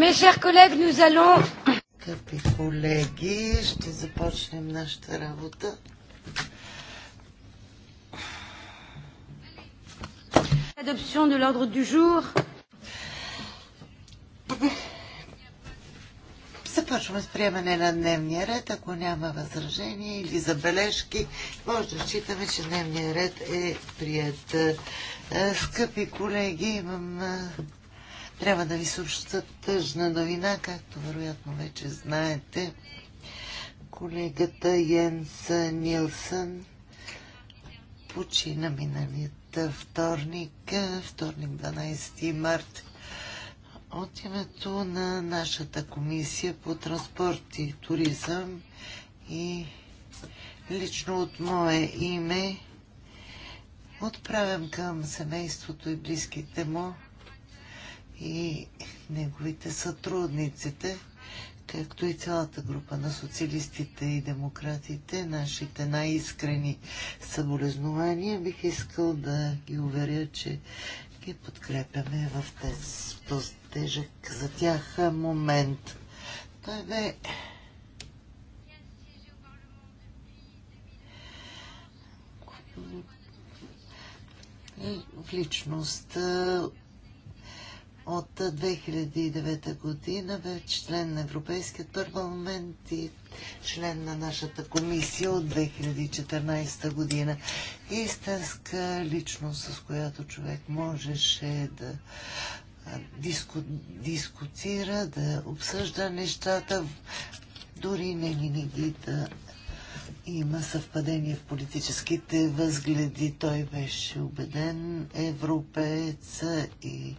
Mes chers collègues, nous allons... Скъпи колеги, ще започнем нашата работа. Adoption на l'ordre ду жур. Започваме с приемане на дневния ред. Ако няма възражения или забележки, може да считаме, че дневния ред е прият. Е, скъпи колеги, имам е, трябва да ви съобща тъжна новина, както вероятно вече знаете. Колегата Йенс Нилсън почина миналият вторник, вторник 12 март. От името на нашата комисия по транспорт и туризъм и лично от мое име отправям към семейството и близките му и неговите сътрудниците, както и цялата група на социалистите и демократите, нашите най-искрени съболезнования. Бих искал да ги уверя, че ги подкрепяме в този тежък за тях момент. Той бе личност от 2009 година вече член на Европейския парламент и член на нашата комисия от 2014 година. Истинска личност, с която човек можеше да диску, дискутира, да обсъжда нещата, дори не винаги да има съвпадение в политическите възгледи. Той беше убеден европеец и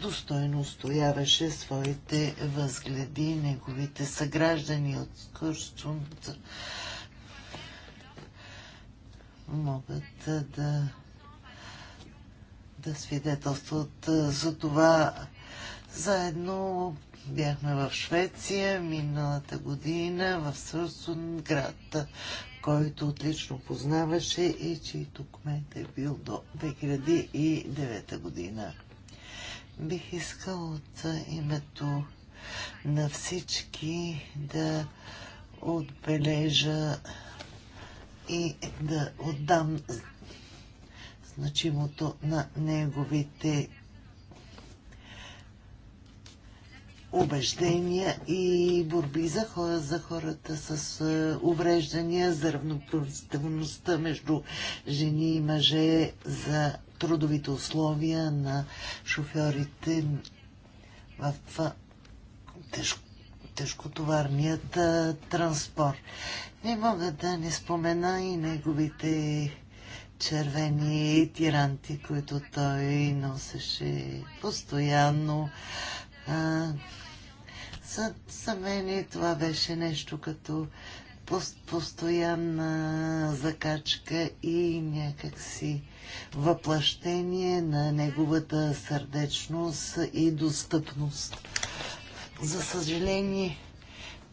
достойно устояваше своите възгледи, неговите съграждани от Кърсунца могат да, да свидетелстват за това. Заедно бяхме в Швеция миналата година, в Сърсун град, който отлично познаваше и чийто кмет е бил до 2009 година. Бих искал от името на всички да отбележа и да отдам значимото на неговите убеждения и борби за, хора, за хората с е, увреждания, за равноправността между жени и мъже, за трудовите условия на шофьорите в тежко тежкотоварният транспорт. Не мога да не спомена и неговите червени тиранти, които той носеше постоянно. А, за, за мен това беше нещо като постоянна закачка и някакси въплъщение на неговата сърдечност и достъпност. За съжаление,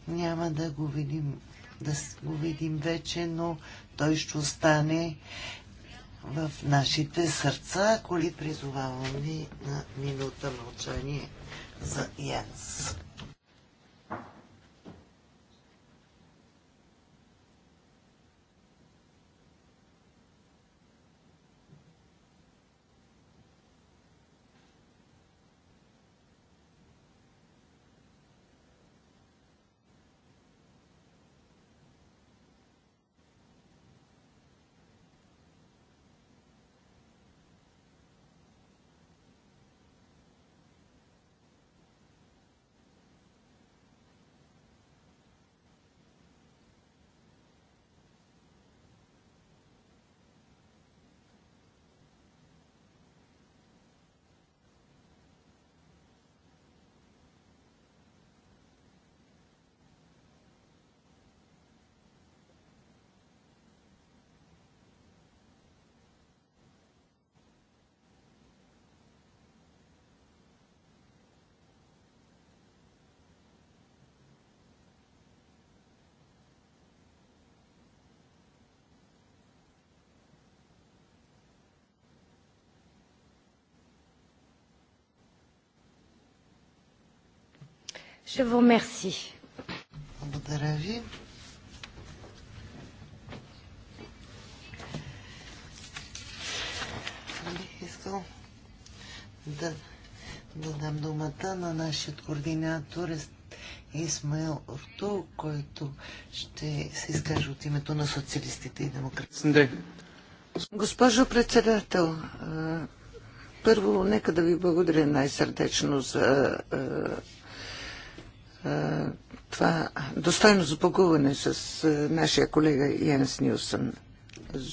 няма да го видим, да го видим вече, но той ще остане в нашите сърца, коли призоваваме на минута мълчание за Янс. Je vous remercie. Благодаря ви. Бих искал да, дадам думата на нашия координатор Исмаил Орту, който ще се изкаже от името на социалистите и демократите. Госпожо председател, първо нека да ви благодаря най-сърдечно за това достойно запогуване с нашия колега Йенс Нюсън.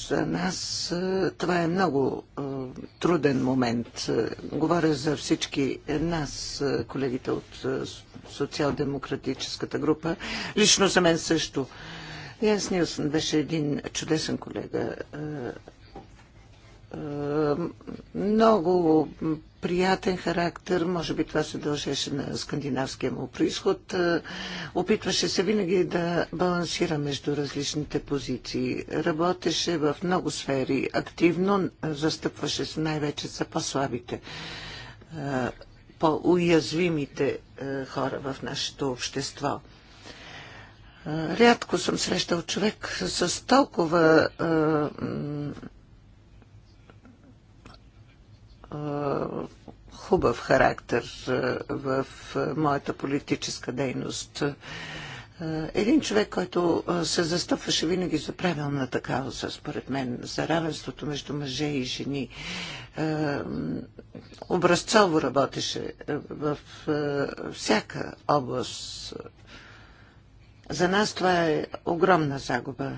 За нас това е много труден момент. Говоря за всички нас, колегите от социал-демократическата група. Лично за мен също. Янс Нилсън беше един чудесен колега. Много приятен характер, може би това се дължеше на скандинавския му происход. Е, опитваше се винаги да балансира между различните позиции. Работеше в много сфери активно, застъпваше се най-вече за по-слабите, е, по-уязвимите е, хора в нашето общество. Рядко съм срещал човек с толкова хубав характер в моята политическа дейност. Един човек, който се застъпваше винаги за правилната кауза, според мен, за равенството между мъже и жени. Образцово работеше в всяка област. За нас това е огромна загуба.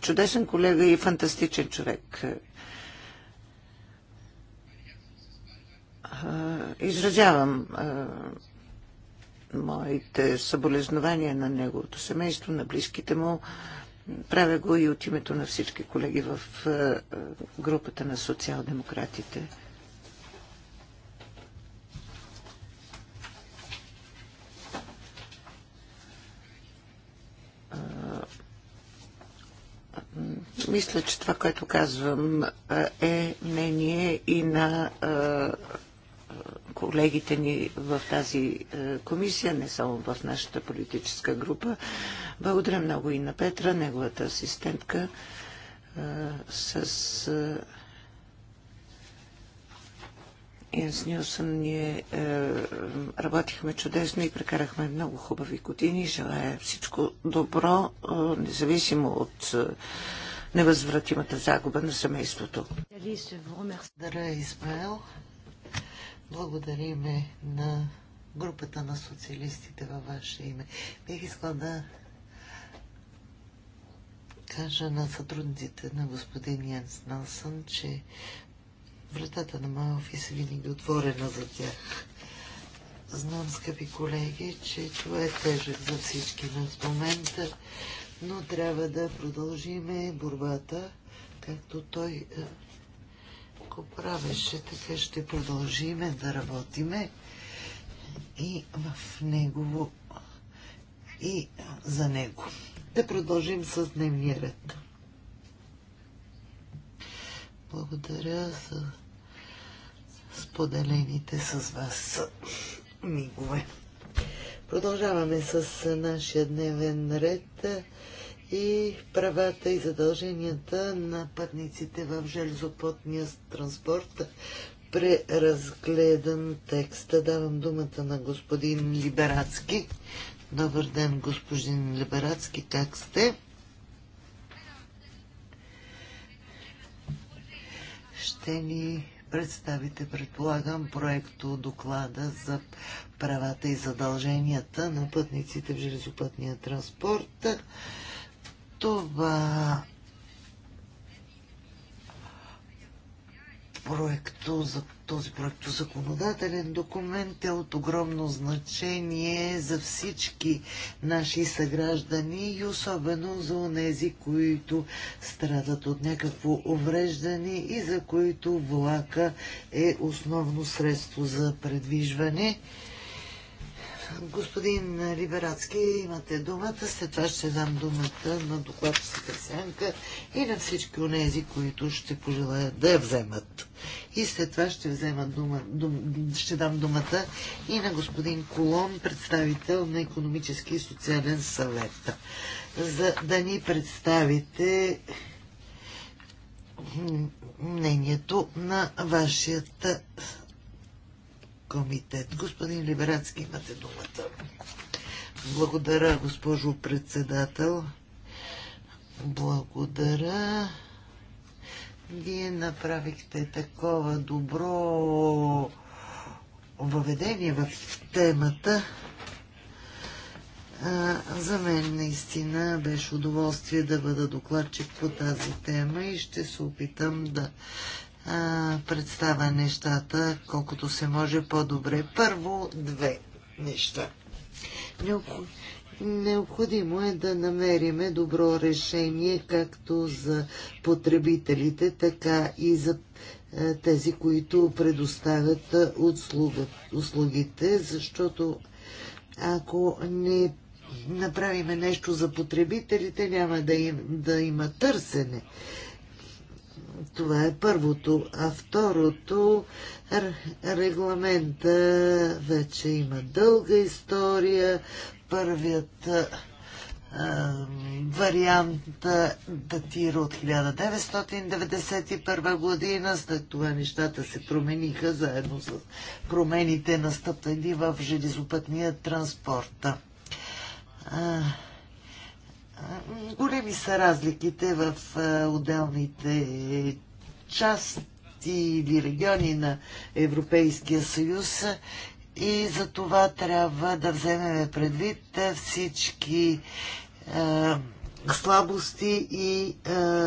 Чудесен колега и фантастичен човек. изразявам моите съболезнования на неговото семейство, на близките му. Правя го и от името на всички колеги в групата на социал-демократите. Мисля, че това, което казвам, е мнение и на колегите ни в тази е, комисия, не само в нашата политическа група. Благодаря много и на Петра, неговата асистентка, е, с Янс е, Нилсън ние е, работихме чудесно и прекарахме много хубави години. Желая всичко добро, е, независимо от е, невъзвратимата загуба на семейството. Благодаря, Исмаел. Благодарим на групата на социалистите във ваше име. Бих искала да кажа на сътрудниците на господин Янс Нансън, че вратата на моя офис е винаги отворена за тях. Знам, скъпи колеги, че това е тежък за всички в момента, но трябва да продължиме борбата, както той е, го правеше, така ще продължиме да работиме и в негово и за него. Да продължим с дневния ред. Благодаря за споделените с вас мигове. Продължаваме с нашия дневен ред и правата и задълженията на пътниците в железопътния транспорт. Преразгледан текста. Давам думата на господин Либерацки. Добър ден, господин Либерацки. Как сте? Ще ни представите, предполагам, проекто доклада за правата и задълженията на пътниците в железопътния транспорт. Това проекто, за този проекто законодателен документ е от огромно значение за всички наши съграждани и особено за онези, които страдат от някакво увреждане и за които влака е основно средство за предвижване. Господин Либерацки, имате думата. След това ще дам думата на докладчицата Сянка и на всички онези, които ще пожелаят да я вземат. И след това ще, взема дума, дум, ще дам думата и на господин Колон, представител на економически и социален съвет, за да ни представите мнението на вашата комитет. Господин Либерацки, имате думата. Благодаря, госпожо председател. Благодаря. Вие направихте такова добро въведение в темата. за мен наистина беше удоволствие да бъда докладчик по тази тема и ще се опитам да а, представя нещата колкото се може по-добре. Първо две неща. Необходимо е да намериме добро решение както за потребителите, така и за тези, които предоставят услугите, защото ако не направиме нещо за потребителите, няма да, да има търсене. Това е първото. А второто, регламента вече има дълга история. Първият вариант датира от 1991 година. След това нещата се промениха заедно с промените настъпнали в железопътния транспорт. Големи са разликите в отделните части или региони на Европейския съюз и за това трябва да вземем предвид всички слабости и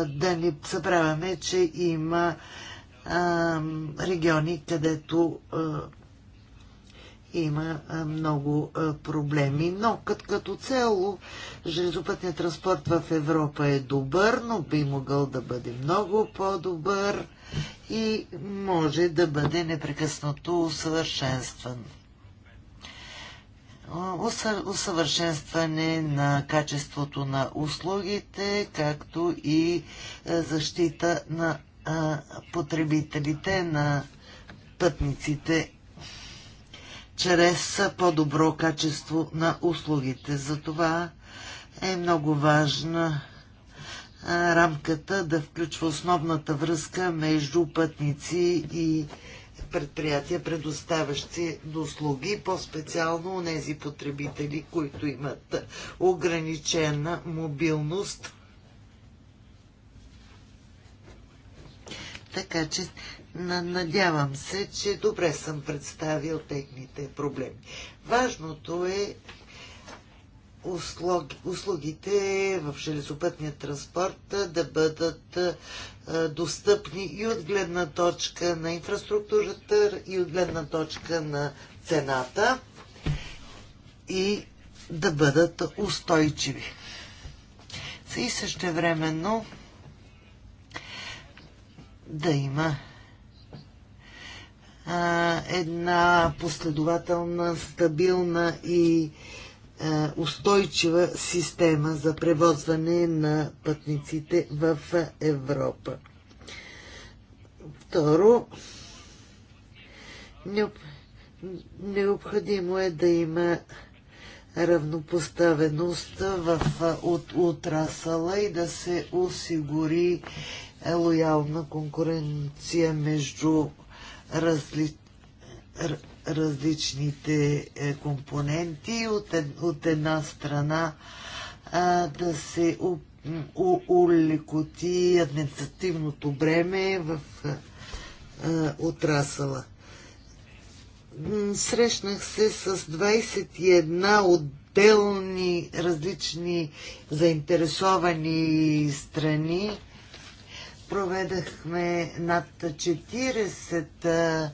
да не забравяме, че има региони, където има много проблеми. Но като, като цяло железопътният транспорт в Европа е добър, но би могъл да бъде много по-добър и може да бъде непрекъснато усъвършенстван. Усъвършенстване на качеството на услугите, както и защита на потребителите, на пътниците чрез по-добро качество на услугите. Затова е много важна рамката да включва основната връзка между пътници и предприятия, предоставящи услуги, по-специално у тези потребители, които имат ограничена мобилност. Така че Надявам се, че добре съм представил техните проблеми. Важното е услугите в железопътния транспорт да бъдат достъпни и от гледна точка на инфраструктурата, и от гледна точка на цената и да бъдат устойчиви. И също времено да има една последователна, стабилна и устойчива система за превозване на пътниците в Европа. Второ, необходимо е да има равнопоставеност в, от отрасъла и да се осигури е, лоялна конкуренция между разли, различните е, компоненти. От, от една страна а, да се улекоти административното бреме в а, е, е, отрасъла. Срещнах се с 21 отделни различни заинтересовани страни проведахме над 40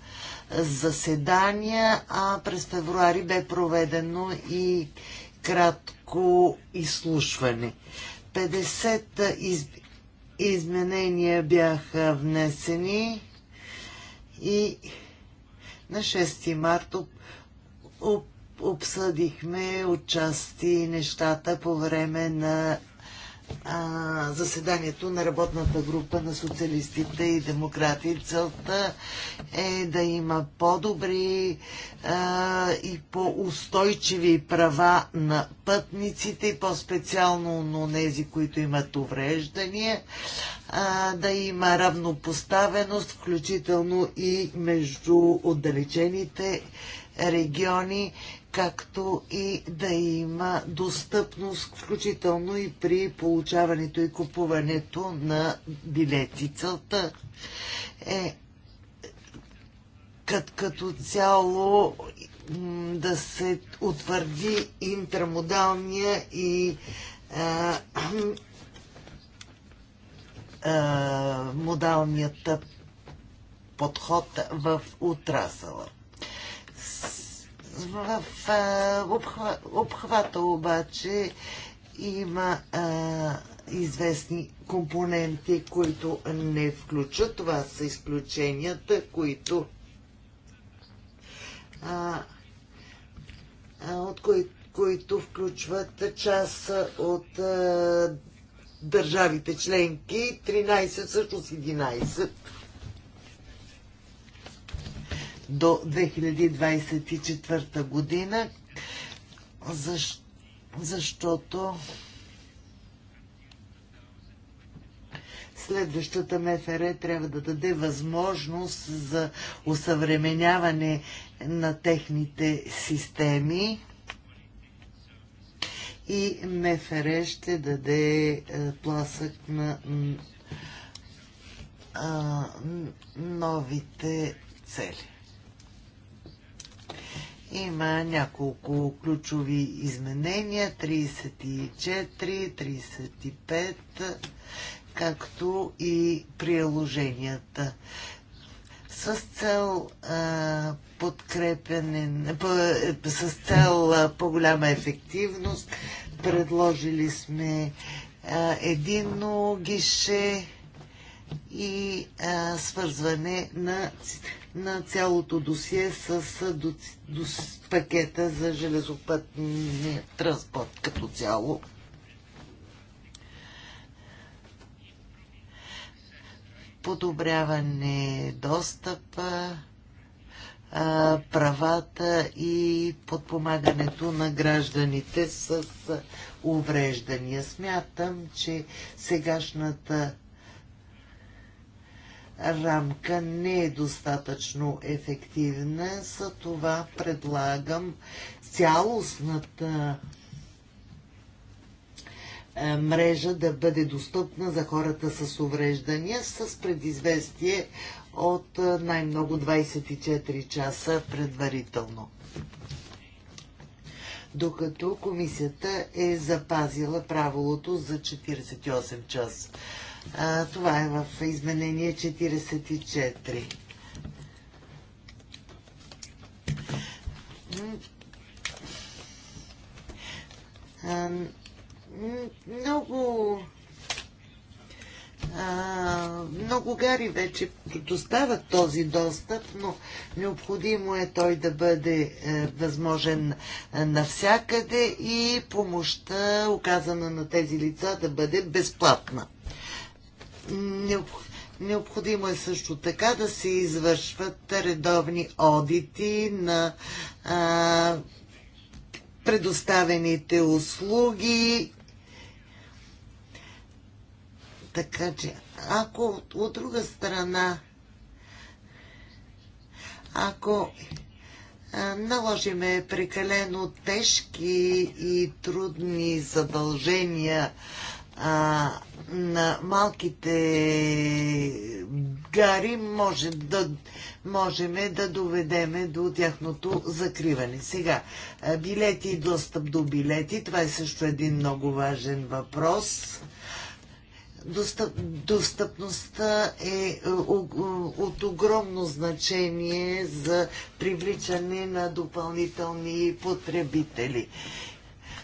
заседания, а през февруари бе проведено и кратко изслушване. 50 из... изменения бяха внесени и на 6 марта обсъдихме отчасти нещата по време на а, заседанието на работната група на социалистите и демократи. Целта е да има по-добри и по-устойчиви права на пътниците и по-специално на тези, които имат увреждания, а, да има равнопоставеност, включително и между отдалечените региони както и да има достъпност, включително и при получаването и купуването на билети. Целта е като цяло да се утвърди интермодалния и а, а, модалният подход в отрасъла. В обхва, обхвата обаче има а, известни компоненти, които не включат. Това са изключенията, които а, от кои, които включват част от а, държавите членки, 13 също с 11 до 2024 година, защ, защото следващата МФР трябва да даде възможност за усъвременяване на техните системи и МФР ще даде пласък е, на новите цели. Има няколко ключови изменения 34, 35, както и приложенията. С цел а, подкрепяне, с цел по-голяма ефективност, предложили сме а, единно гише и а, свързване на, на цялото досие с до, до, пакета за железопътния транспорт като цяло. Подобряване достъпа, а, правата и подпомагането на гражданите с увреждания. Смятам, че сегашната рамка не е достатъчно ефективна, за това предлагам цялостната е, мрежа да бъде достъпна за хората с увреждания с предизвестие от е, най-много 24 часа предварително. Докато комисията е запазила правилото за 48 часа. А, това е в изменение 44. много а, много гари вече предоставят този достъп, но необходимо е той да бъде е, възможен е, навсякъде и помощта, оказана на тези лица, да бъде безплатна. Необходимо е също така да се извършват редовни одити на а, предоставените услуги. Така че, ако от, друга страна, ако наложиме прекалено тежки и трудни задължения а, на малките гари може да, можем да доведеме до тяхното закриване. Сега, билети и достъп до билети, това е също един много важен въпрос. Достъп, достъпността е, е от огромно значение за привличане на допълнителни потребители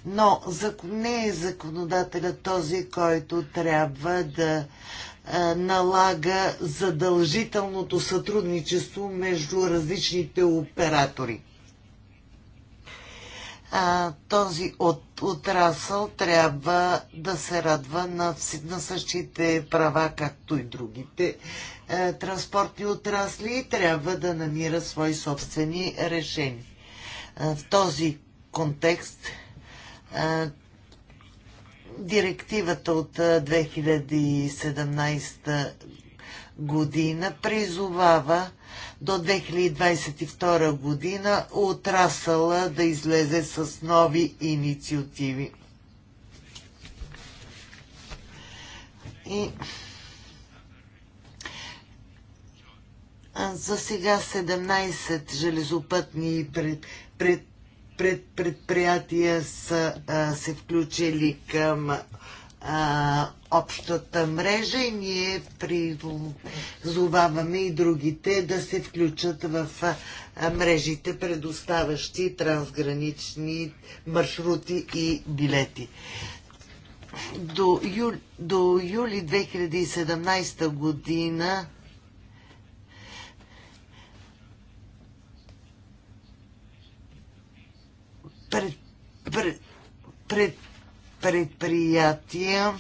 но не е законодателя този, който трябва да налага задължителното сътрудничество между различните оператори. А, този от, отрасъл трябва да се радва на, на същите права, както и другите е, транспортни отрасли и трябва да намира свои собствени решения. Е, в този контекст Директивата от 2017 година призовава до 2022 година отрасъла да излезе с нови инициативи. И за сега 17 железопътни пред, пред, пред предприятия са а, се включили към а, общата мрежа и ние призоваваме и другите да се включат в а, мрежите, предоставащи трансгранични маршрути и билети. До, ю, до юли 2017 година пред, пред, пред, предприятия.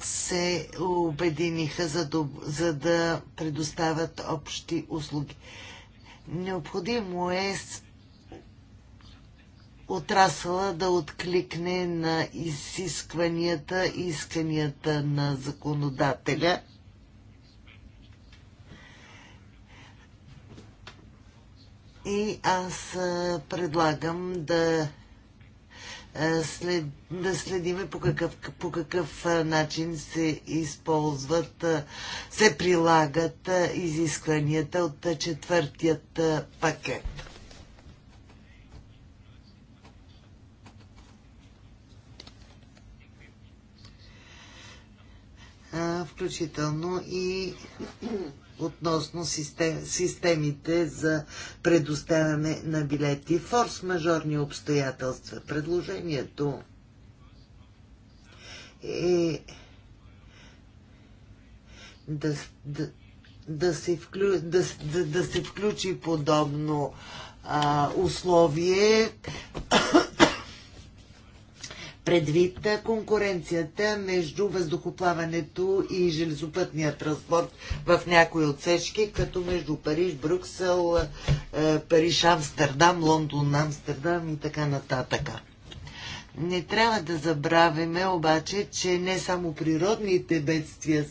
се обединиха за да, за да предоставят общи услуги. Необходимо е отрасъла да откликне на изискванията и исканията на законодателя. И аз предлагам да след, да следиме по какъв, по какъв начин се използват, се прилагат изискванията от четвъртият пакет. включително и относно систем, системите за предоставяне на билети. Форс-мажорни обстоятелства. Предложението е да, да, да, се, вклю, да, да, да се включи подобно а, условие предвид конкуренцията между въздухоплаването и железопътния транспорт в някои отсечки, като между Париж, Брюксел, е, Париж, Амстердам, Лондон, Амстердам и така нататък. Не трябва да забравяме обаче, че не само природните бедствия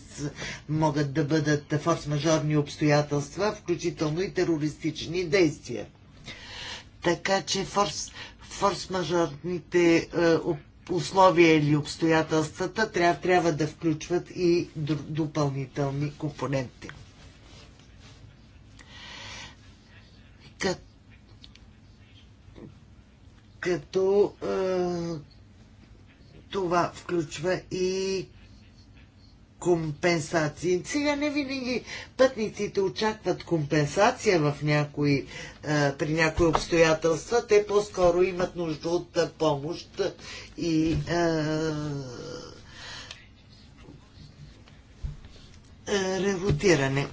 могат да бъдат форс-мажорни обстоятелства, включително и терористични действия. Така че форс, форс-мажорните е, условия или обстоятелствата трябва, трябва да включват и допълнителни компоненти. като е, това включва и компенсации. Сега не винаги пътниците очакват компенсация в някои, при някои обстоятелства. Те по-скоро имат нужда от помощ и ревотиране.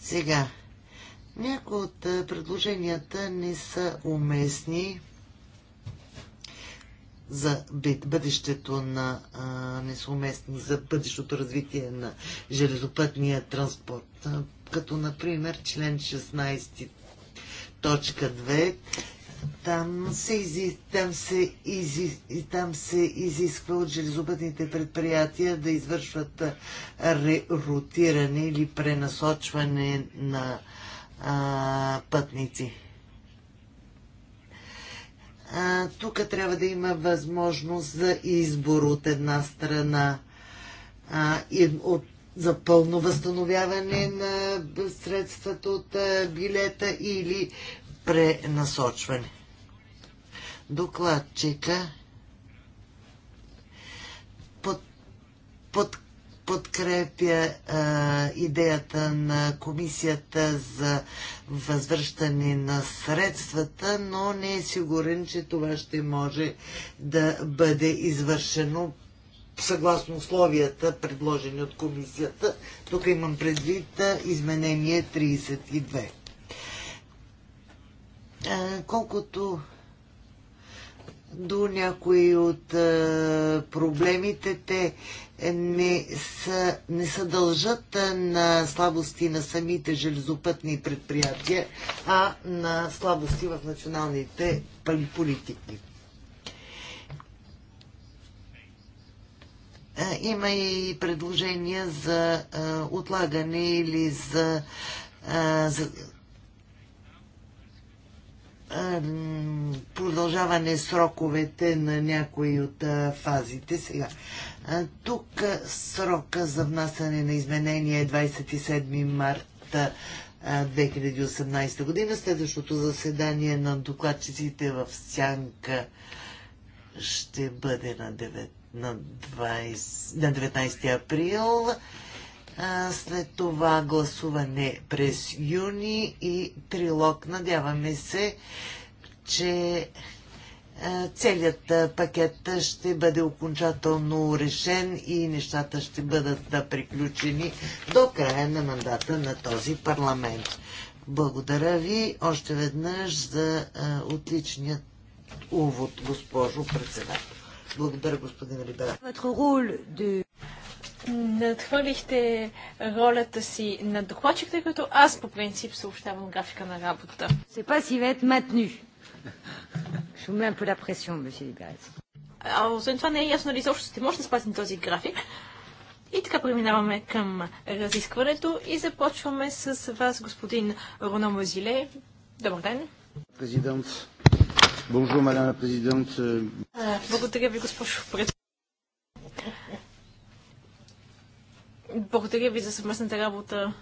Сега, някои от предложенията не са уместни за бъдещето на несуместни, за бъдещото развитие на железопътния транспорт. Като, например, член 16, точка 2, там се, изи, там, се изи, там се изисква от железопътните предприятия да извършват рерутиране или пренасочване на а, пътници тук трябва да има възможност за избор от една страна а, и от, за пълно възстановяване на средствата от а, билета или пренасочване. Докладчика под, под, подкрепя а, идеята на комисията за възвръщане на средствата, но не е сигурен, че това ще може да бъде извършено съгласно условията, предложени от комисията. Тук имам предвид изменение 32. А, колкото до някои от а, проблемите, те не, са, не са дължат на слабости на самите железопътни предприятия, а на слабости в националните политики. Има и предложения за отлагане или за, за продължаване сроковете на някои от фазите. Сега, тук срока за внасяне на изменения е 27 марта 2018 година. Следващото заседание на докладчиците в Сянка ще бъде на, 9, на, 20, на 19 април. след това гласуване през юни и трилог. Надяваме се, че е, целият е, пакет ще бъде окончателно решен и нещата ще бъдат е, приключени до края на мандата на този парламент. Благодаря ви още веднъж за отличният увод, госпожо председател. Благодаря, господин Рибера. Надхвърлихте ролята си на докладчик, тъй като аз по принцип съобщавам графика на работа. Се паси вет Je vous mets un peu la pression, monsieur Либерец. А освен това не е ясно дали изобщо ще може да спазим този график. И така преминаваме към разискването и започваме с вас, господин Роно Мазиле. Добър ден. Президент. Бонжур, мадам президент. Благодаря ви, госпожо председател. Благодаря ви за съвместната работа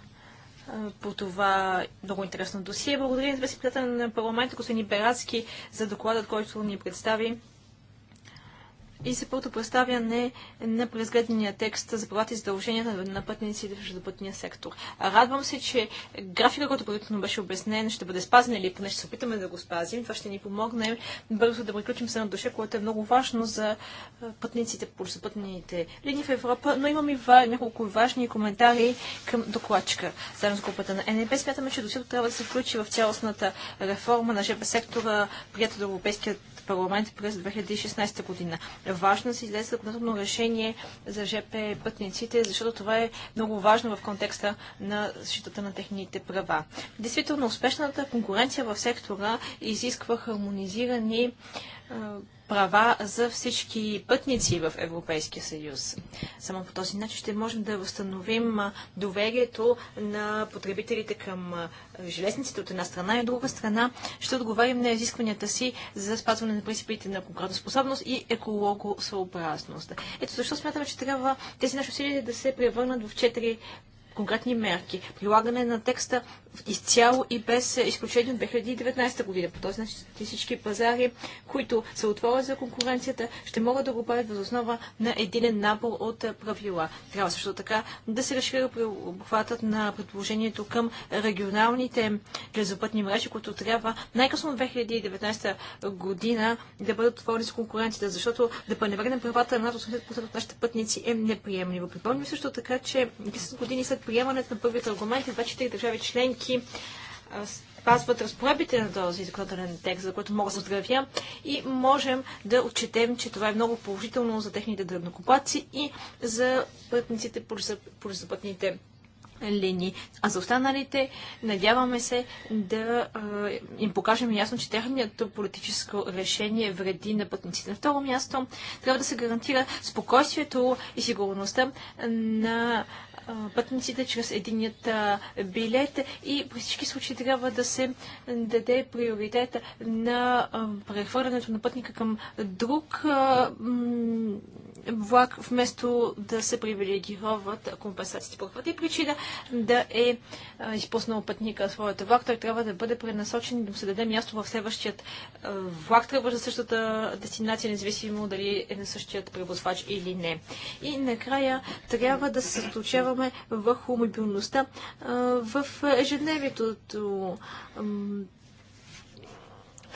по това много интересно досие. Благодаря за председател на парламента, господин Берацки, за докладът, който ни представи и се първото представяне на преразгледания текст за правата и задълженията на пътниците в железопътния сектор. Радвам се, че графика, който предварително беше обяснен, ще бъде спазен или поне ще се опитаме да го спазим. Това ще ни помогне бързо да приключим се на душа, което е много важно за пътниците по железопътните линии в Европа. Но имам и ва... няколко важни коментари към докладчика. Заедно с групата на НЕП смятаме, че досието трябва да се включи в цялостната реформа на ЖП сектора, приятел до Европейският парламент през 2016 година. Важно да се излезе законодателно решение за ЖП пътниците, защото това е много важно в контекста на защитата на техните права. Действително, успешната конкуренция в сектора изисква хармонизирани права за всички пътници в Европейския съюз. Само по този начин ще можем да възстановим доверието на потребителите към железниците от една страна и от друга страна ще отговарим на изискванията си за спазване на принципите на конкурентоспособност и екологосъобразност. Ето защо смятаме, че трябва тези наши усилия да се превърнат в четири конкретни мерки. Прилагане на текста изцяло и без изключение от 2019 година. По този начин всички пазари, които се отворят за конкуренцията, ще могат да го правят въз основа на един набор от правила. Трябва също така да се разшири обхватът на предложението към регионалните железопътни мрежи, които трябва най-късно от 2019 година да бъдат отворени за конкуренцията, защото да пренебрегнем правата на над 80% от нашите пътници е неприемливо. Припомним също така, че 10 години след приемането на първият аргумент, 24 държави членки въпреки спазват разпоредбите на този законодателен текст, за който мога да здравя, и можем да отчетем, че това е много положително за техните дърнокопаци и за пътниците по лесопътните линии. А за останалите, надяваме се да им покажем ясно, че техният политическо решение вреди на пътниците. На второ място трябва да се гарантира спокойствието и сигурността на пътниците чрез единият билет и при всички случаи трябва да се даде приоритет на прехвърлянето на пътника към друг влак, вместо да се привилегироват компенсациите по каквато и причина да е изпуснал пътника своята влак, той трябва да бъде пренасочен и да му се даде място в следващият влак, трябва за същата дестинация, независимо дали е на същият превозвач или не. И накрая трябва да се съсредоточаваме върху мобилността в ежедневието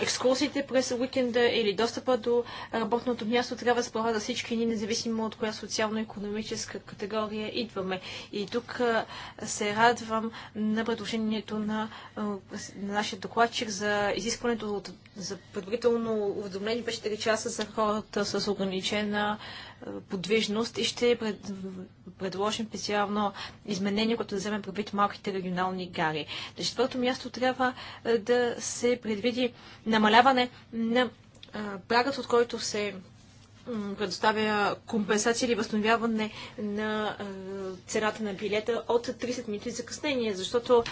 екскурсиите през уикенда или достъпа до работното място трябва да спорва за всички ни, независимо от коя социално-економическа категория идваме. И тук се радвам на предложението на, на нашия докладчик за изискването от, за предварително уведомление 4 часа за хората с ограничена е, подвижност и ще пред, предложим специално изменение, което да вземе предвид малките регионални гари. На четвърто място трябва е, да се предвиди намаляване на е, прагът, от който се предоставя компенсация или възстановяване на цената на билета от 30 минути закъснение, защото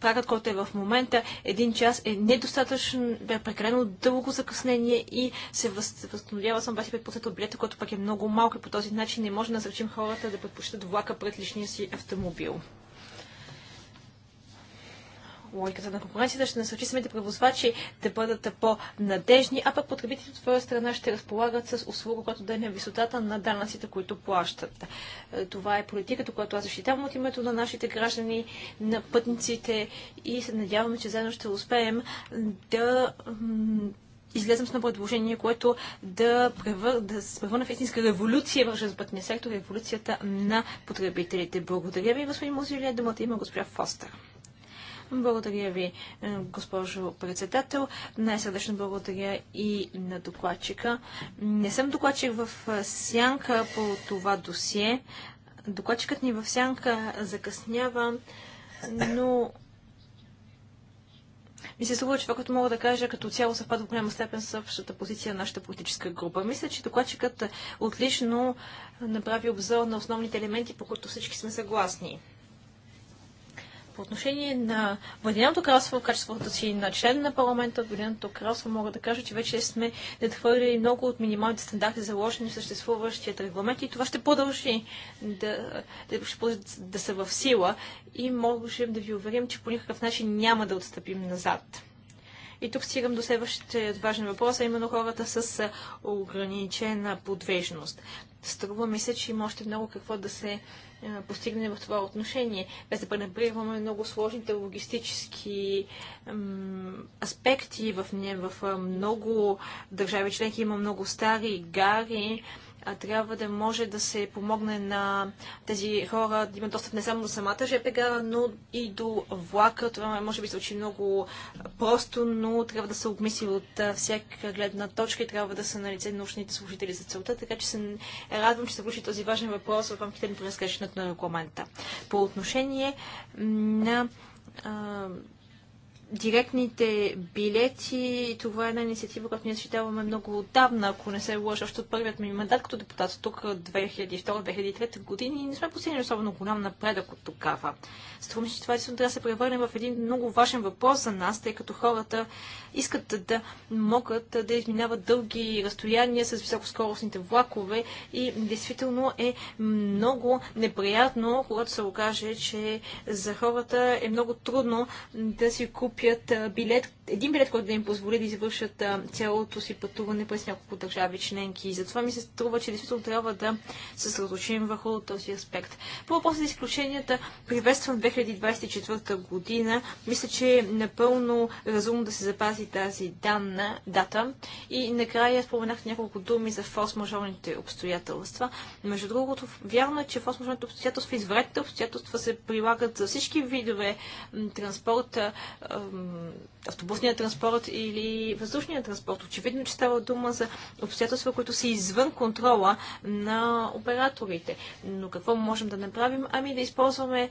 прагът, който е в момента, един час е недостатъчно, бе прекалено дълго закъснение и се възстановява съм 25% от билета, което пък е много малко и по този начин не може да насърчим хората да предпочитат влака пред личния си автомобил логиката на конкуренцията ще насочи самите превозвачи да бъдат по-надежни, а пък потребителите от своя страна ще разполагат с услуга, която да е на висотата на данъците, които плащат. Е, това е политиката, която аз защитавам от името на нашите граждани, на пътниците и се надяваме, че заедно ще успеем да излезем с на предложение, което да, превър... да се превърна в истинска революция в железопътния сектор, революцията на потребителите. Благодаря ви, господин Музилия. Думата има госпожа Фостер. Благодаря ви, е, госпожо председател. Най-сърдечно благодаря и на докладчика. Не съм докладчик в е, сянка по това досие. Докладчикът ни в сянка закъснява, но ми се случва, че това, което мога да кажа, като цяло съвпада в голяма степен с общата позиция на нашата политическа група. Мисля, че докладчикът отлично направи обзор на основните елементи, по които всички сме съгласни. По отношение на Въединеното кралство, в качеството си на член на парламента, Въединеното кралство мога да кажа, че вече сме надхвърлили много от минималните стандарти, заложени в съществуващият регламент и това ще продължи да, да, ще продължи да са в сила и можем да ви уверим, че по никакъв начин няма да отстъпим назад. И тук стигам до следващия важен въпрос, а именно хората с ограничена подвижност. Струва ми се, че има още много какво да се постигне в това отношение, без да пренебрегваме много сложните логистически аспекти в, не, в много държави членки има много стари гари, трябва да може да се помогне на тези хора да имат достъп не само до самата ЖП гара, но и до влака. Това може би звучи много просто, но трябва да се обмисли от всяка гледна точка и трябва да са налице научните служители за целта, така че се радвам, че се включи този важен въпрос в рамките на разкрещането на регламента. По отношение на директните билети. Това е една инициатива, която ние защитаваме много отдавна, ако не се лъжа, още от първият ми мандат като депутат тук 2002-2003 години и не сме постигнали особено голям напредък от тогава. Струва че това трябва да се превърне в един много важен въпрос за нас, тъй като хората искат да могат да изминават дълги разстояния с високоскоростните влакове и действително е много неприятно, когато се окаже, че за хората е много трудно да си купят купят билет, един билет, който да им позволи да извършат цялото си пътуване през няколко държави членки. И затова ми се струва, че действително трябва да се съсредоточим върху този аспект. По въпроса за изключенията, приветствам 2024 година. Мисля, че е напълно разумно да се запази тази данна, дата. И накрая споменах няколко думи за форс-мажорните обстоятелства. Между другото, вярно е, че форс-мажорните обстоятелства, извредните обстоятелства се прилагат за всички видове транспорта, автобусния транспорт или въздушния транспорт. Очевидно, че става дума за обстоятелства, които са извън контрола на операторите. Но какво можем да направим? Ами да използваме е,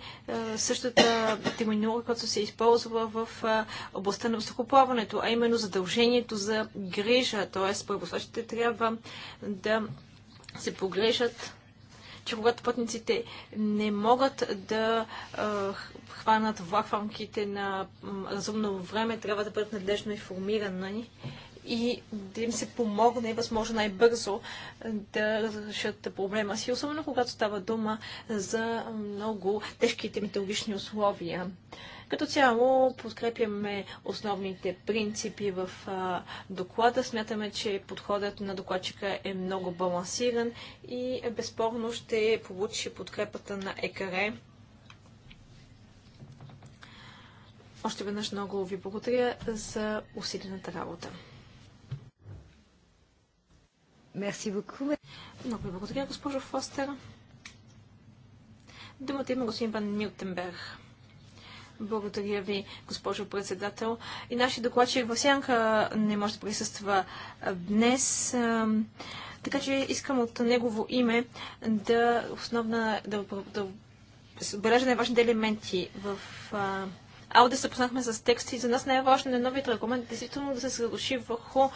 същата терминология, която се използва в е, областта на въздухоплаването, а именно задължението за грижа, т.е. първосващите трябва да се погрежат че когато пътниците не могат да хванат влак в рамките на разумно време, трябва да бъдат надлежно информирани и да им се помогне възможно най-бързо да разрешат проблема си, особено когато става дума за много тежките метеорологични условия. Като цяло подкрепяме основните принципи в а, доклада. Смятаме, че подходът на докладчика е много балансиран и безспорно ще получи подкрепата на ЕКАРЕ. Още веднъж много ви благодаря за усилената работа. Мерси beaucoup. Много ви благодаря, госпожо Фостер. Думата има господин Ван Милтенберг. Благодаря ви, госпожо председател. И нашия докладчик Васянка не може да присъства днес. Така че искам от негово име да основна да, да, бележа най-важните елементи в Ауде се познахме с текст и за нас най-важно е новият регламент действително да се съсредоточи върху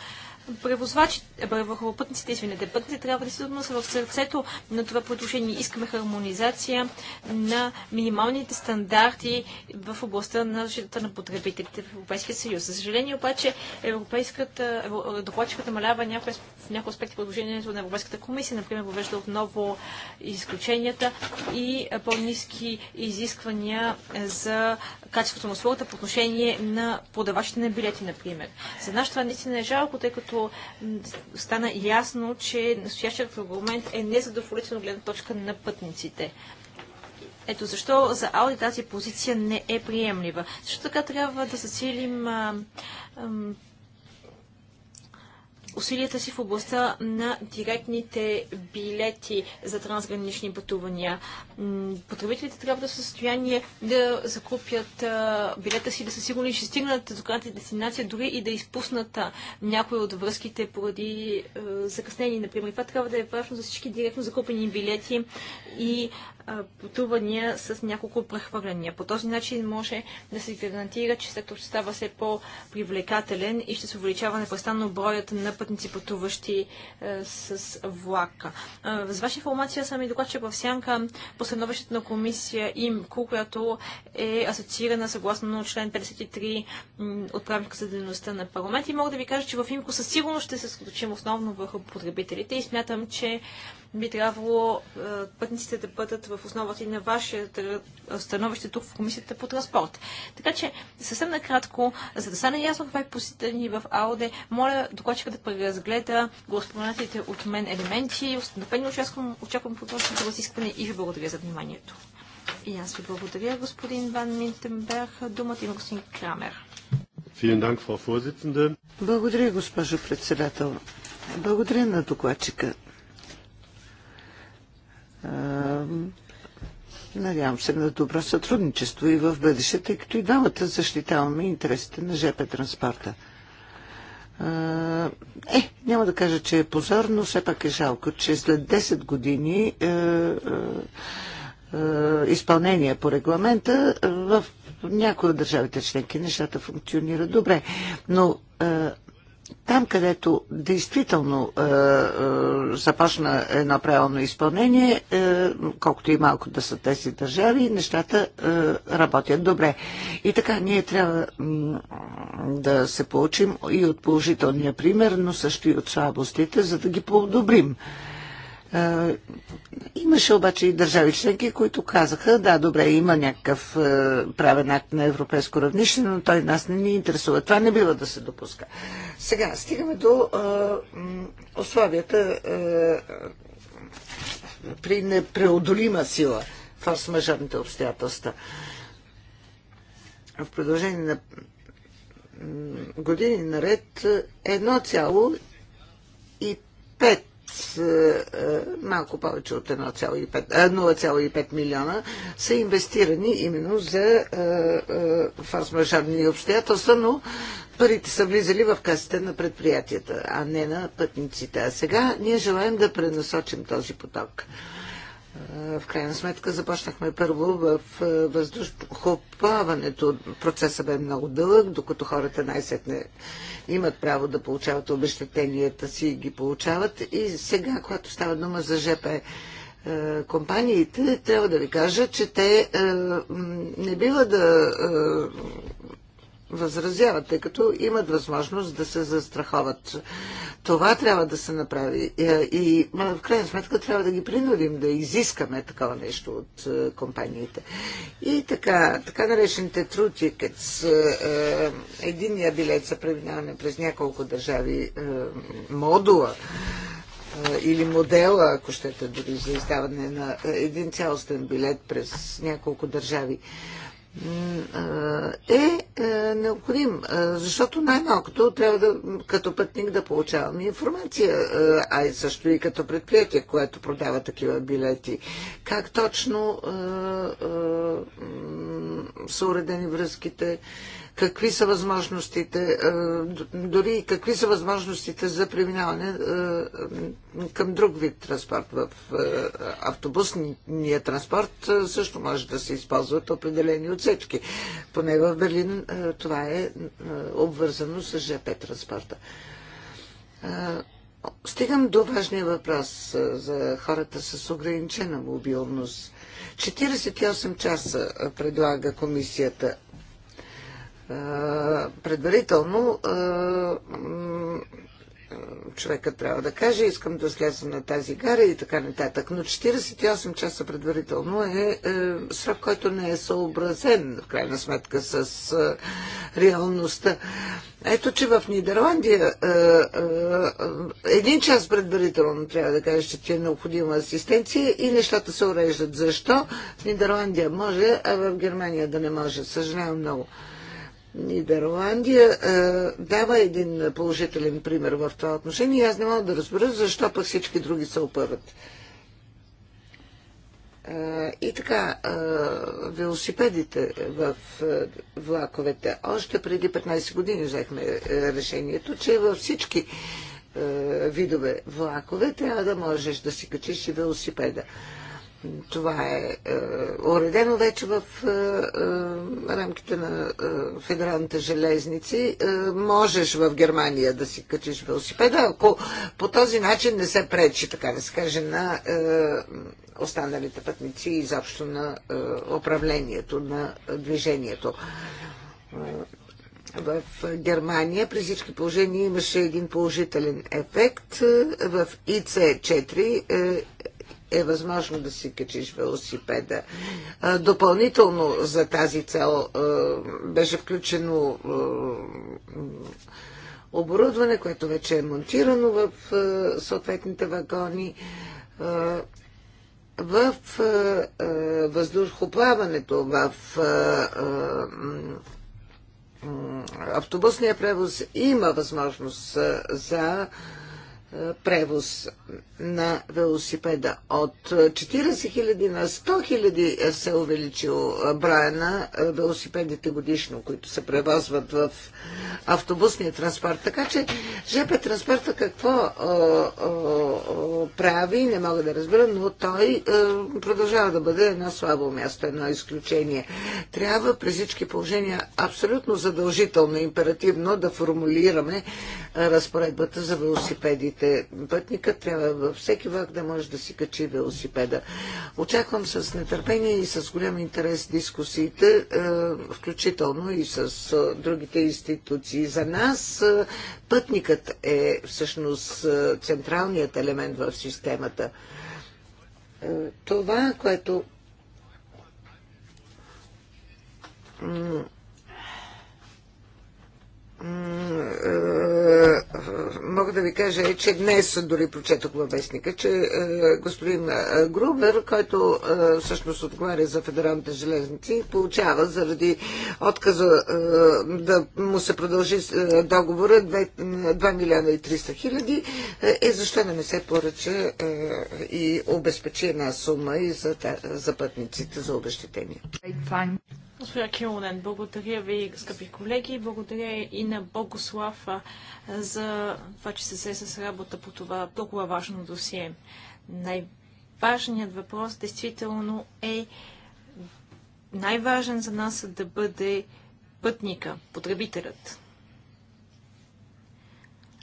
превозвачите, върху пътниците, извинете, пътниците трябва да да са в сърцето на това предложение. Искаме хармонизация на минималните стандарти в областта на защитата на потребителите в Европейския съюз. За съжаление обаче, европейската, докладчиката малява някои, в някои аспекти предложението на Европейската комисия, например, въвежда отново изключенията и по-низки изисквания за качеството на услугата по отношение на продавачите на билети, например. За нас това наистина е жалко, тъй като когато стана ясно, че настоящият регламент е незадоволително гледна точка на пътниците. Ето защо за Ауди тази позиция не е приемлива. Също така трябва да засилим усилията си в областта на директните билети за трансгранични пътувания. Потребителите трябва да са в състояние да закупят билета си, да са сигурни, че стигнат до крайната дестинация, дори и да изпуснат някои от връзките поради закъснение, например. Това трябва да е важно за всички директно закупени билети и пътувания с няколко прехвърляния. По този начин може да се гарантира, че ще става все по-привлекателен и ще се увеличава непрестанно броят на пътници пътуващи е, с влака. Е, с ваша информация съм и докладчик в сянка по становището на комисия ИМКО, която е асоциирана съгласно член 53 от правилника за дейността на парламент. И мога да ви кажа, че в ИМКО със сигурност ще се сключим основно върху потребителите и смятам, че би трябвало е, пътниците да бъдат в основата и на ваше становище тук в Комисията по транспорт. Така че, съвсем накратко, за да стане ясно каква е посетата ни в АОД, моля докладчика да преразгледа гореспоменатите от мен елементи. Остъпено очаквам, очаквам подробното разискване и ви благодаря за вниманието. И аз ви благодаря, господин Ван Минтенберг. Думата има господин Крамер. Благодаря, госпожо председател. Благодаря на докладчика. Надявам се на добро сътрудничество и в бъдеще, тъй като и двамата защитаваме интересите на ЖП транспорта. Е, няма да кажа, че е позор, но все пак е жалко, че след 10 години е, е, е, изпълнение по регламента в някои от държавите членки нещата функционират добре. Но е, там, където действително е, е, започна едно правилно изпълнение, е, колкото и малко да са тези държави, нещата е, работят добре. И така, ние трябва да се получим и от положителния пример, но също и от слабостите, за да ги подобрим. Е, имаше обаче и държави членки, които казаха, да, добре, има някакъв е, правен акт на европейско равнище, но той нас не ни интересува. Това не бива да се допуска. Сега, стигаме до е, условията при непреодолима сила в мажорните обстоятелства. В продължение на години наред 1,5 е, е, малко повече от 0,5 е, милиона са инвестирани именно за форс обстоятелства, но парите са влизали в касите на предприятията, а не на пътниците. А сега ние желаем да пренасочим този поток в крайна сметка започнахме първо в е, въздухоплаването. Процесът бе много дълъг, докато хората най-сетне имат право да получават обещетенията си и ги получават. И сега, когато става дума за ЖП е, компаниите, трябва да ви кажа, че те е, не бива да възразяват, тъй като имат възможност да се застраховат. Това трябва да се направи е, и в крайна сметка трябва да ги принудим да изискаме такова нещо от е, компаниите. И така, така наречените трутикет: tickets, е, единия билет за преминаване през няколко държави, модула, или модела, ако щете дори за издаване на един цялостен билет през няколко държави. Е, е необходим, защото най-малкото трябва да, като пътник да получаваме информация, а и също и като предприятие, което продава такива билети. Как точно са уредени връзките? какви са възможностите, дори и какви са възможностите за преминаване към друг вид транспорт. В автобусния транспорт също може да се използват определени отсечки. Поне в Берлин това е обвързано с ЖП транспорта. Стигам до важния въпрос за хората с ограничена мобилност. 48 часа предлага комисията. Е, предварително е, човекът трябва да каже, искам да сляза на тази гара и така нататък. Но 48 часа предварително е, е срок, който не е съобразен, в крайна сметка, с е, реалността. Ето, че в Нидерландия е, е, е, един час предварително трябва да кажеш, че ти е необходима асистенция и нещата се уреждат. Защо в Нидерландия може, а в Германия да не може? Съжалявам много. Нидерландия а, дава един положителен пример в това отношение и аз не мога да разбера защо пък всички други се опъват. и така, а, велосипедите в а, влаковете. Още преди 15 години взехме а, решението, че във всички а, видове влакове трябва да можеш да си качиш и велосипеда. Това е, е уредено вече в е, е, рамките на е, федералните железници. Е, можеш в Германия да си качиш велосипеда, ако по този начин не се пречи, така да се каже, на е, останалите пътници и изобщо на е, управлението, на движението. Е, в Германия при всички положения имаше един положителен ефект. Е, в ИЦ-4 е възможно да си качиш велосипеда. Допълнително за тази цел беше включено оборудване, което вече е монтирано в съответните вагони. В въздухоплаването, в автобусния превоз има възможност за превоз на велосипеда. От 40 000 на 100 000 се е увеличил броя на велосипедите годишно, които се превозват в автобусния транспорт. Така че ЖП транспорта какво прави, не мога да разбера, но той продължава да бъде едно слабо място, едно изключение. Трябва при всички положения абсолютно задължително, императивно да формулираме разпоредбата за велосипедите пътниците. Пътникът трябва във всеки влак да може да си качи велосипеда. Очаквам с нетърпение и с голям интерес дискусиите, е, включително и с е, другите институции. За нас е, пътникът е всъщност централният елемент в системата. Това, което е, е, мога да ви кажа е, че днес дори прочетох във вестника, че е, господин Грубер, който всъщност отговаря за федералните железници, получава заради отказа да му се продължи договора 2 милиона и 300 хиляди, е защо да не се поръча и обезпечи една сума и за, за пътниците за обещетение. Госпожа Килонен, благодаря ви, скъпи колеги. Благодаря и на Богослав за това, че се взе с работа по това толкова важно досие. Най-важният въпрос, действително, е най-важен за нас да бъде пътника, потребителят.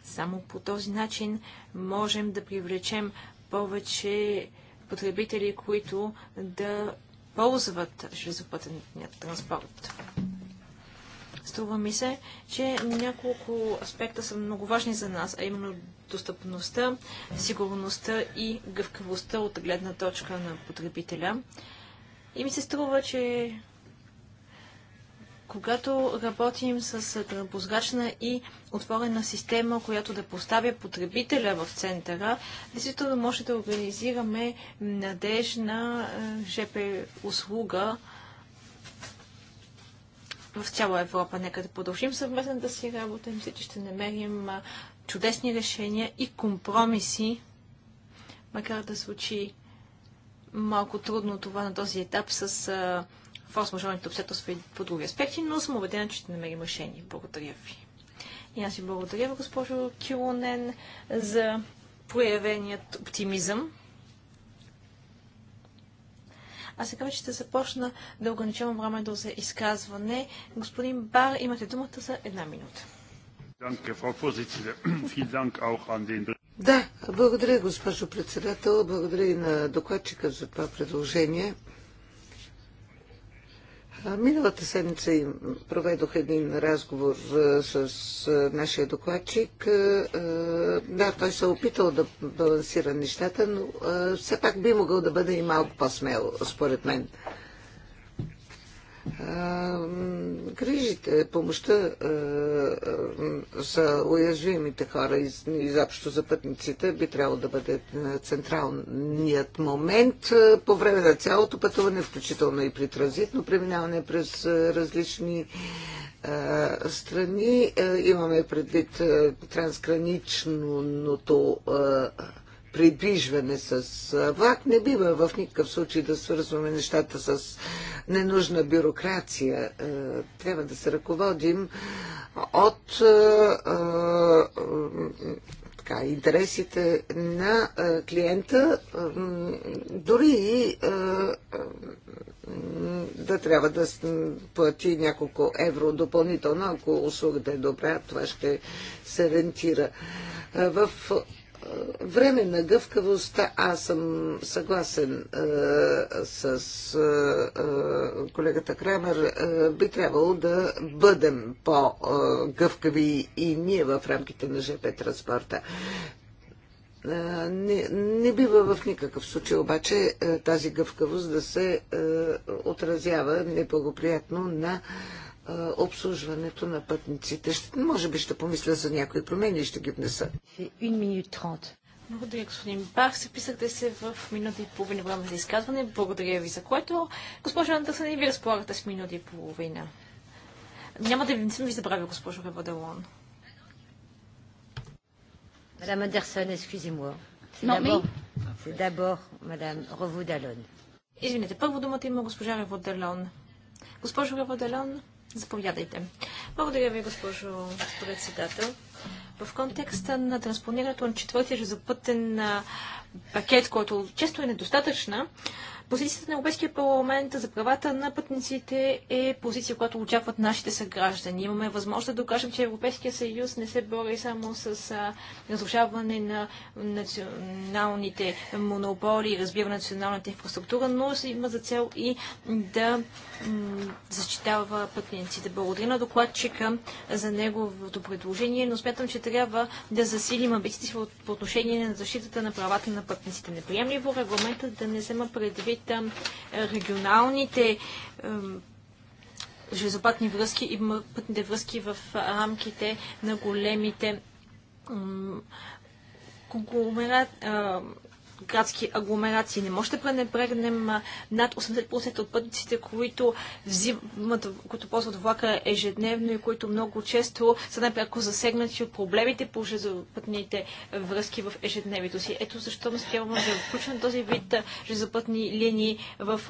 Само по този начин можем да привлечем повече потребители, които да ползват железопътния транспорт. Струва ми се, че няколко аспекта са много важни за нас, а именно достъпността, сигурността и гъвкавостта от гледна точка на потребителя. И ми се струва, че когато работим с прозрачна и отворена система, която да поставя потребителя в центъра, действително може да организираме надежна е, ЖП услуга в цяла Европа. Нека да продължим съвместно да си работим, всички че ще намерим е, чудесни решения и компромиси, макар да звучи малко трудно това на този етап с е, форс-мажорните е обстоятелства и по други аспекти, но съм убедена, че ще намерим решение. Благодаря ви. И аз ви благодаря, госпожо Килонен, за проявеният оптимизъм. А сега вече ще започна да ограничавам времето за изказване. Господин Бар, имате думата за една минута. Да, благодаря, госпожо председател. Благодаря и на докладчика за това предложение. Миналата седмица проведох един разговор с нашия докладчик. Да, той се е опитал да балансира нещата, но все пак би могъл да бъде и малко по-смел, според мен грижите, помощта за уязвимите хора и изобщо за пътниците би трябвало да бъде централният момент по време на цялото пътуване, включително и при транзитно преминаване през различни страни. Имаме предвид трансграничното придвижване с влак. Не бива в никакъв случай да свързваме нещата с ненужна бюрокрация. Е, трябва да се ръководим от е, е, така, интересите на клиента, дори и да трябва да плати няколко евро допълнително, ако услугата е добра, това ще се рентира. в време на гъвкавост, аз съм съгласен е, с е, колегата Крамер, е, би трябвало да бъдем по-гъвкави и ние в рамките на ЖП транспорта. Е, не, не бива в никакъв случай обаче е, тази гъвкавост да се е, отразява неблагоприятно на обслужването на пътниците. Ще, може би ще помисля за някои промени и ще ги внеса. Благодаря, господин Бах. Записахте се в минута и половина време за изказване. Благодаря ви за което. Госпожо Андърсен, и ви разполагате с минута и половина. Няма да ви, не съм ви забравил, госпожо Реводелон. Мадам Андерсън, excusez-moi. C'est d'abord мадам Реваделон. Извинете, първо думата има госпожа Реводелон. Госпожо Реводелон. Заповядайте. Благодаря ви, госпожо председател. В контекста на транспонирането на четвъртия пътен пакет, който често е недостатъчна, Позицията на Европейския парламент за правата на пътниците е позиция, която очакват нашите съграждани. Имаме възможност да докажем, че Европейския съюз не се бори само с а, разрушаване на националните монополи и разбира националната инфраструктура, но се има за цел и да защитава пътниците. Благодаря на докладчика за неговото предложение, но смятам, че трябва да засилим амбициите си по отношение на защитата на правата на пътниците. Неприемливо е регламентът да не взема предвид отчитам регионалните железопътни връзки и пътните връзки в рамките на големите конгломерат градски агломерации. Не може да пренебрегнем над 80% от пътниците, които, взимат, които ползват влака ежедневно и които много често са най най-пряко засегнати от проблемите по железопътните връзки в ежедневието си. Ето защо стяваме да включим този вид железопътни линии в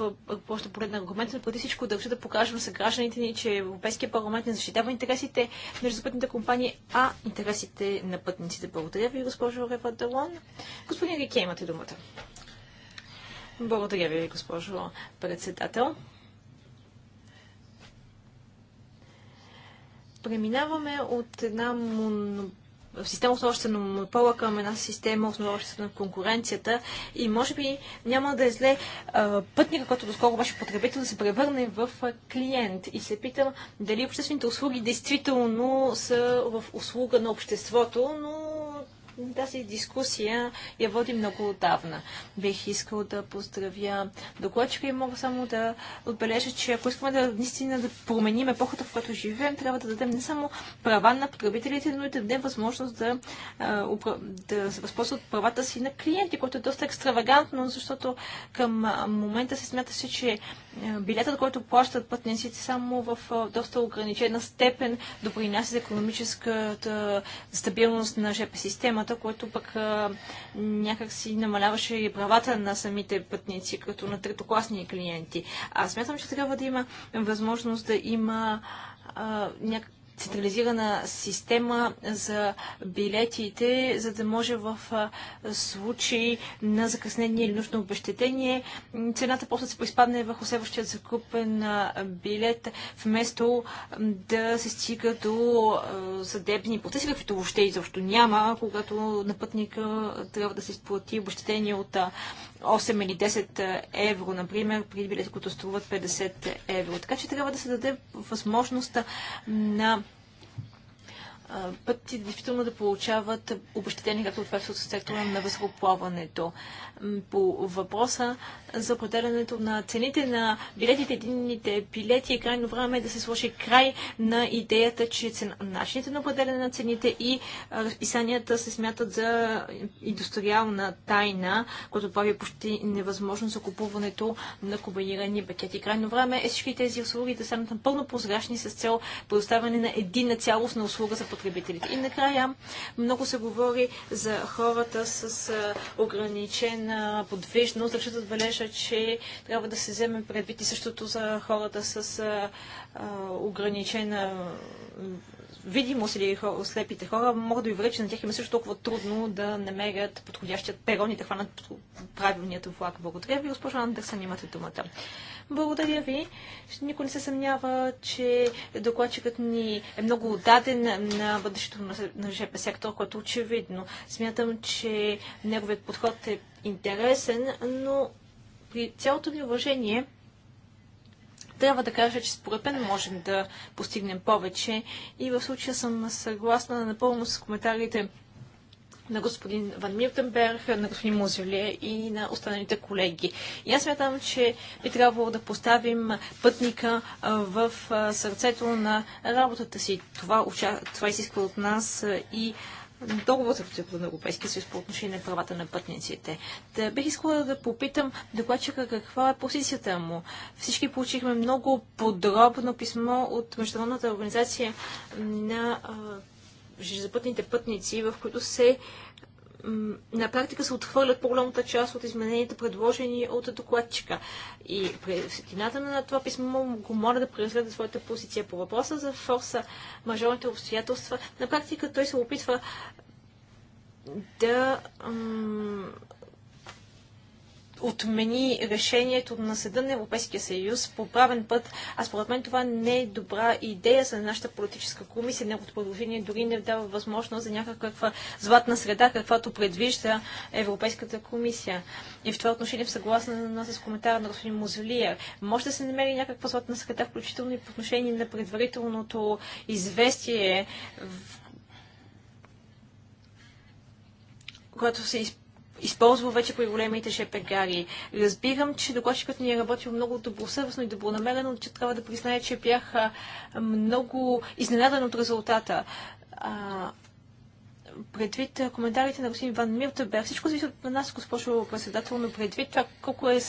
просто на аргумент. Но преди всичко държа да покажем са гражданите ни, че Европейския парламент не защитава интересите на железопътните компании, а интересите на пътниците. Благодаря ви, госпожо Рева Господин Рике, имате думата. Благодаря ви, госпожо председател. Преминаваме от една система, основаща на монопола към една система, основаща на конкуренцията. И може би няма да е зле пътника, който доскоро беше потребител, да се превърне в клиент. И се питам дали обществените услуги действително са в услуга на обществото, но тази дискусия я води много отдавна. Бих искал да поздравя докладчика и мога само да отбележа, че ако искаме да наистина да променим епохата, в която живеем, трябва да дадем не само права на потребителите, но и да дадем възможност да, да се възползват правата си на клиенти, което е доста екстравагантно, защото към момента се смята се, че билетът, който плащат пътниците, само в доста ограничена степен допринася за економическата стабилност на ЖП системата системата, което пък някак си намаляваше и правата на самите пътници, като на третокласни клиенти. Аз смятам, че трябва да има възможност да има а, някакъв централизирана система за билетите, за да може в случай на закъснение или нужно обещетение цената после се приспадне върху следващия закупен билет, вместо да се стига до съдебни процеси, каквито въобще изобщо няма, когато на пътника трябва да се изплати обещетение от 8 или 10 е, евро, например, при билет, които струват 50 евро. Така че трябва да се даде възможността на пъти действително да получават обещатени, както това е в сектора на възхоплаването по въпроса за определянето на цените на билетите, единните билети е крайно време да се сложи край на идеята, че начините на определяне на цените и разписанията се смятат за индустриална тайна, което прави почти невъзможно за купуването на комбинирани пакети. Крайно време е всички тези услуги да станат напълно прозрачни с цел предоставяне на единна цялостна услуга за потребителите. И накрая много се говори за хората с ограничен на подвижност, защото отбележа, че трябва да се вземе предвид и същото за хората с а, ограничена видимост или слепите хора, мога да ви връча, на тях им е също толкова трудно да намерят подходящият перон и да хванат правилният влак. Благодаря ви, госпожа Андерсън, имате думата. Благодаря ви. Никой не се съмнява, че докладчикът ни е много отдаден на бъдещето на ЖП сектор, което е очевидно. Смятам, че неговият подход е интересен, но при цялото ми уважение трябва да кажа, че според мен можем да постигнем повече и в случая съм съгласна напълно с коментарите на господин Ван Милтенберг, на господин Музеле и на останалите колеги. И аз смятам, че би трябвало да поставим пътника в сърцето на работата си. Това, това изисква от нас и договор за е на Европейския съюз по отношение на правата на пътниците. Да бих искала да попитам докладчика каква е позицията му. Всички получихме много подробно писмо от Международната организация на железопътните пътници, в които се на практика се отхвърлят по-голямата част от измененията, предложени от докладчика. И при сетината на това писмо го моля да преразгледа своята позиция по въпроса за форса, мажорните обстоятелства. На практика той се опитва да отмени решението на Съда на Европейския съюз по правен път. А според мен това не е добра идея за нашата политическа комисия. Неговото предложение дори не дава възможност за някаква златна среда, каквато предвижда Европейската комисия. И в това отношение съгласна с коментара на господин Мозолиер. Може да се намери някаква златна среда, включително и по отношение на предварителното известие, в... което се изпълнява използва вече при големите шепегари. Разбирам, че докладчикът ни е работил много добросъвестно и добронамерено, че трябва да призная, че бях много изненадан от резултата. А, предвид коментарите на господин Ван Миртебер, всичко зависи от нас, госпожо председател, но предвид това колко е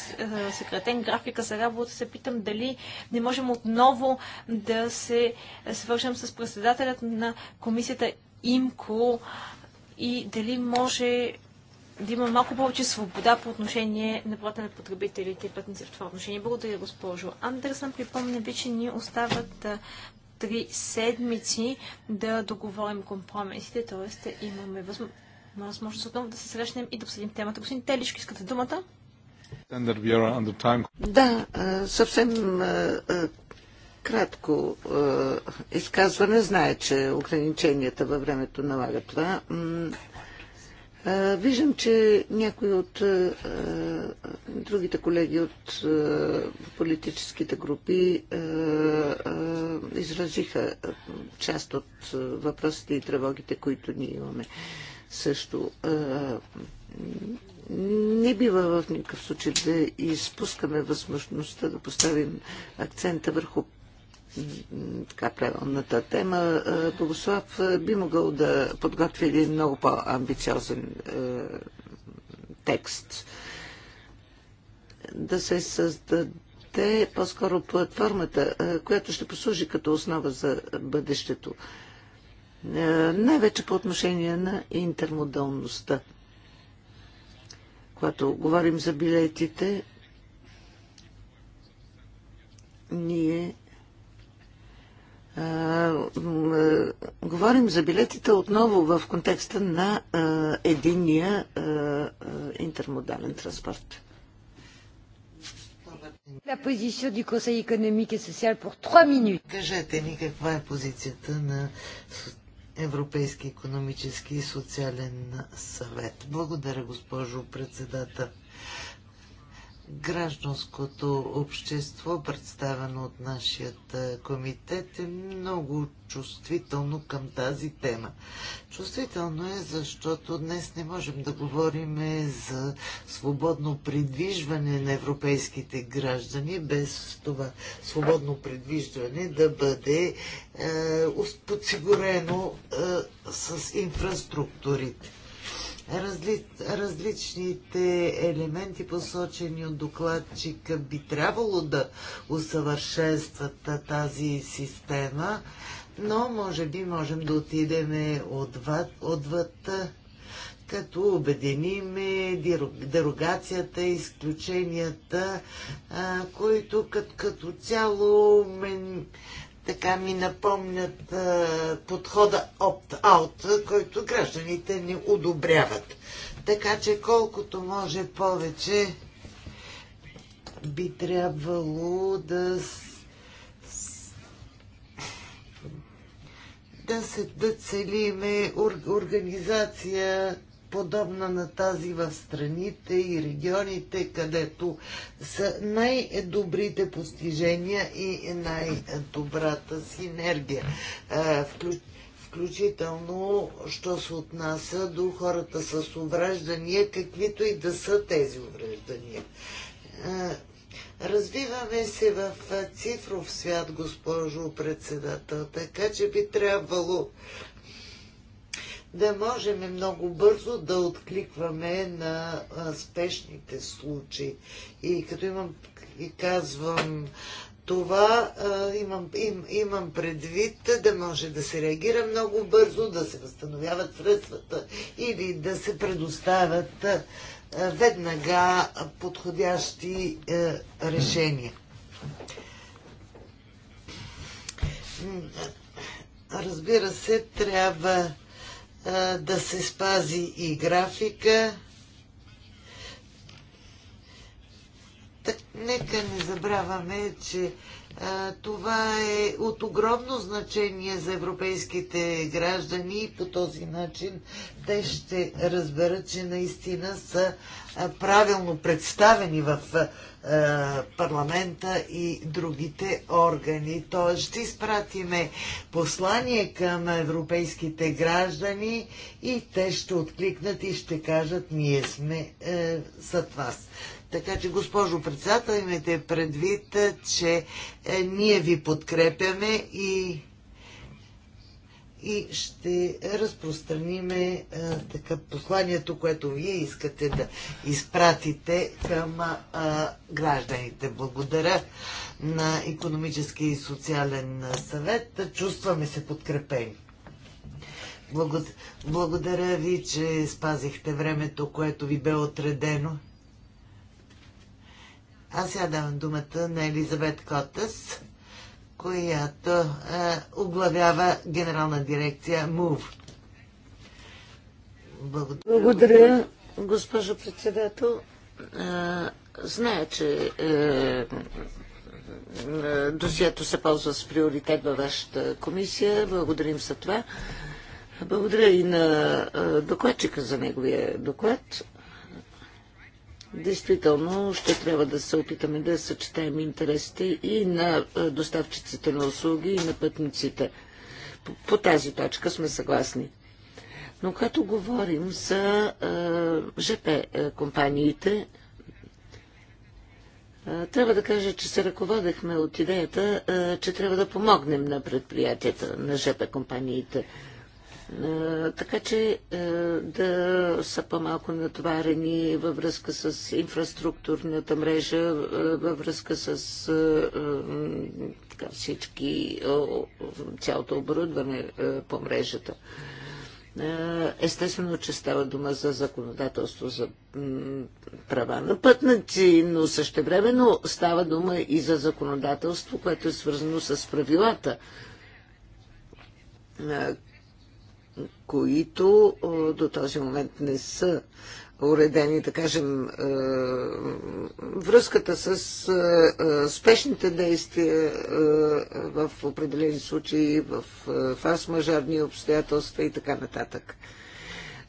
съкратен графика за работа, се питам дали не можем отново да се свържем с председателят на комисията ИМКО и дали може да има малко повече свобода по отношение на плата на потребителите и пътници в това отношение. Благодаря, госпожо Андерсън. Припомня ви, че ни остават три седмици да договорим компромисите, т.е. имаме възможност отново да се срещнем и да обсъдим темата. Господин Телишко, искате думата? Да, съвсем кратко изказване. Знае, че ограниченията във времето налагат това. Виждам, че някои от другите колеги от политическите групи изразиха част от въпросите и тревогите, които ние имаме също. Не бива в никакъв случай да изпускаме възможността да поставим акцента върху така правилната тема. Богослав би могъл да подготви един много по-амбициозен текст. Да се създаде по-скоро платформата, която ще послужи като основа за бъдещето. Най-вече по отношение на интермодалността. Когато говорим за билетите, ние говорим за билетите отново в контекста на единия интермодален транспорт. La position du Conseil économique et social pour 3 minutes. Кажете ни каква е позицията на Европейски економически и социален съвет. Благодаря, госпожо председател гражданското общество, представено от нашият е, комитет, е много чувствително към тази тема. Чувствително е, защото днес не можем да говорим за свободно придвижване на европейските граждани, без това свободно придвижване да бъде е, подсигурено е, с инфраструктурите. Разли, различните елементи, посочени от докладчика, би трябвало да усъвършенстват тази система, но може би можем да отидем отвъд, отвъд като обединиме дерогацията, изключенията, които като, като цяло мен, така ми напомнят а, подхода opt-out, който гражданите ни одобряват. Така че колкото може повече би трябвало да да се да целиме организация подобна на тази в страните и регионите, където са най-добрите постижения и най-добрата синергия. включително, що се отнася до хората с увреждания, каквито и да са тези увреждания. Развиваме се в цифров свят, госпожо председател, така че би трябвало да можем много бързо да откликваме на спешните случаи. И като имам и казвам това, имам, им, имам предвид да може да се реагира много бързо, да се възстановяват средствата или да се предоставят веднага подходящи решения. Разбира се, трябва да се спази и графика. Так, нека не забравяме, че а, това е от огромно значение за европейските граждани и по този начин те ще разберат, че наистина са правилно представени в е, парламента и другите органи. Тоест ще изпратиме послание към европейските граждани и те ще откликнат и ще кажат ние сме е, зад вас. Така че, госпожо председател, имайте предвид, че е, ние ви подкрепяме и и ще разпространиме а, е, така, посланието, което вие искате да изпратите към а, е, гражданите. Благодаря на економически и социален съвет. Чувстваме се подкрепени. Благодаря, благодаря ви, че спазихте времето, което ви бе отредено. Аз сега давам думата на Елизабет Котъс която е, оглавява генерална дирекция МУВ. Благодаря. Благодаря, госпожо председател. Е, зная, че е, е, досието се ползва с приоритет във вашата комисия. Благодарим за това. Благодаря и на е, докладчика за неговия доклад. Действително ще трябва да се опитаме да съчетаем интересите и на доставчиците на услуги, и на пътниците. По, по тази точка сме съгласни. Но като говорим за е, ЖП компаниите, е, трябва да кажа, че се ръководехме от идеята, е, че трябва да помогнем на предприятията, на ЖП компаниите така че да са по-малко натварени във връзка с инфраструктурната мрежа, във връзка с така, всички, цялото оборудване по мрежата. Естествено, че става дума за законодателство за права на пътници, но същевременно става дума и за законодателство, което е свързано с правилата, които до този момент не са уредени, да кажем, връзката с спешните действия в определени случаи, в фарс-мажорни обстоятелства и така нататък.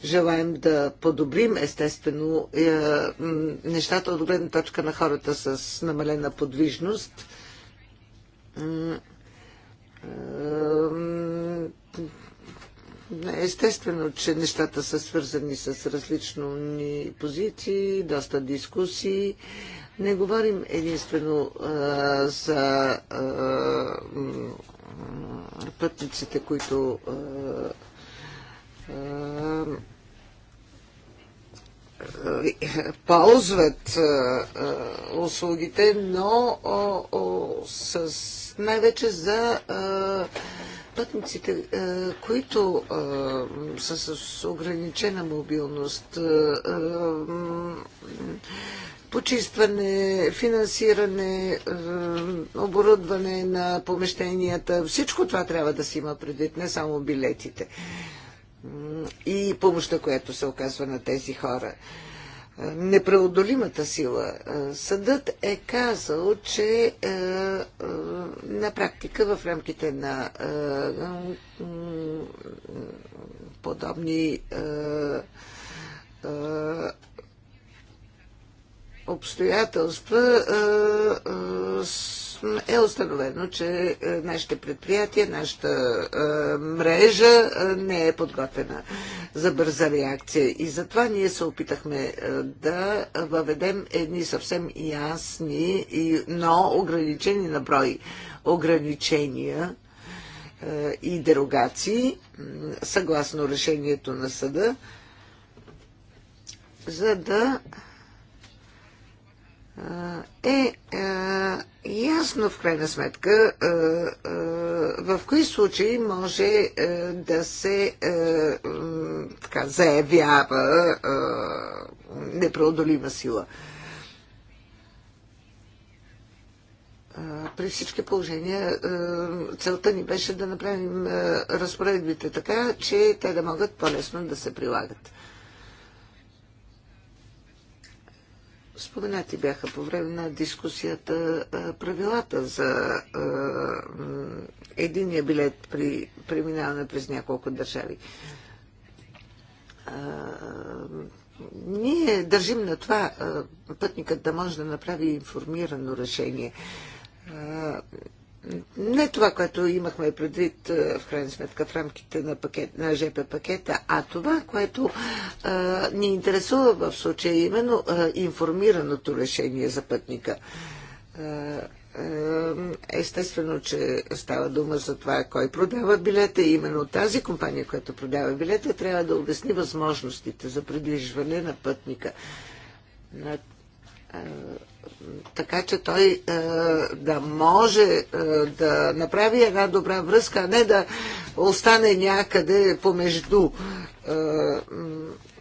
Желаем да подобрим, естествено, е, нещата от гледна точка на хората с намалена подвижност Естествено, че нещата са свързани с различни позиции, доста дискусии. Не говорим единствено а, за а, пътниците, които а, а, ползват а, услугите, но а, а, с най-вече за а, пътниците, е, които е, са с ограничена мобилност, е, почистване, финансиране, оборудване на помещенията, всичко това трябва да се има предвид, не само билетите и помощта, която се оказва на тези хора непреодолимата сила. Е, съдът е казал, че е, е, на практика в рамките на подобни обстоятелства е установено, че е, нашите предприятия, нашата е, мрежа е, не е подготвена за бърза реакция. И затова ние се опитахме да въведем едни съвсем ясни, но ограничени на брой ограничения и дерогации, съгласно решението на съда, за да е ясно в крайна сметка в кои случаи може да се така, заявява непреодолима сила. При всички положения целта ни беше да направим разпоредбите така, че те да могат по-лесно да се прилагат. Споменати бяха по време на дискусията правилата за единия билет при преминаване през няколко държави. Ние държим на това пътникът да може да направи информирано решение не това, което имахме предвид е, в крайна сметка в рамките на, пакет, на ЖП пакета, а това, което а, е, ни интересува в случая, е именно а, информираното решение за пътника. Естествено, че става дума за това кой продава билета и именно тази компания, която продава билета, трябва да обясни възможностите за придвижване на пътника така че той е, да може е, да направи една добра връзка, а не да остане някъде помежду е,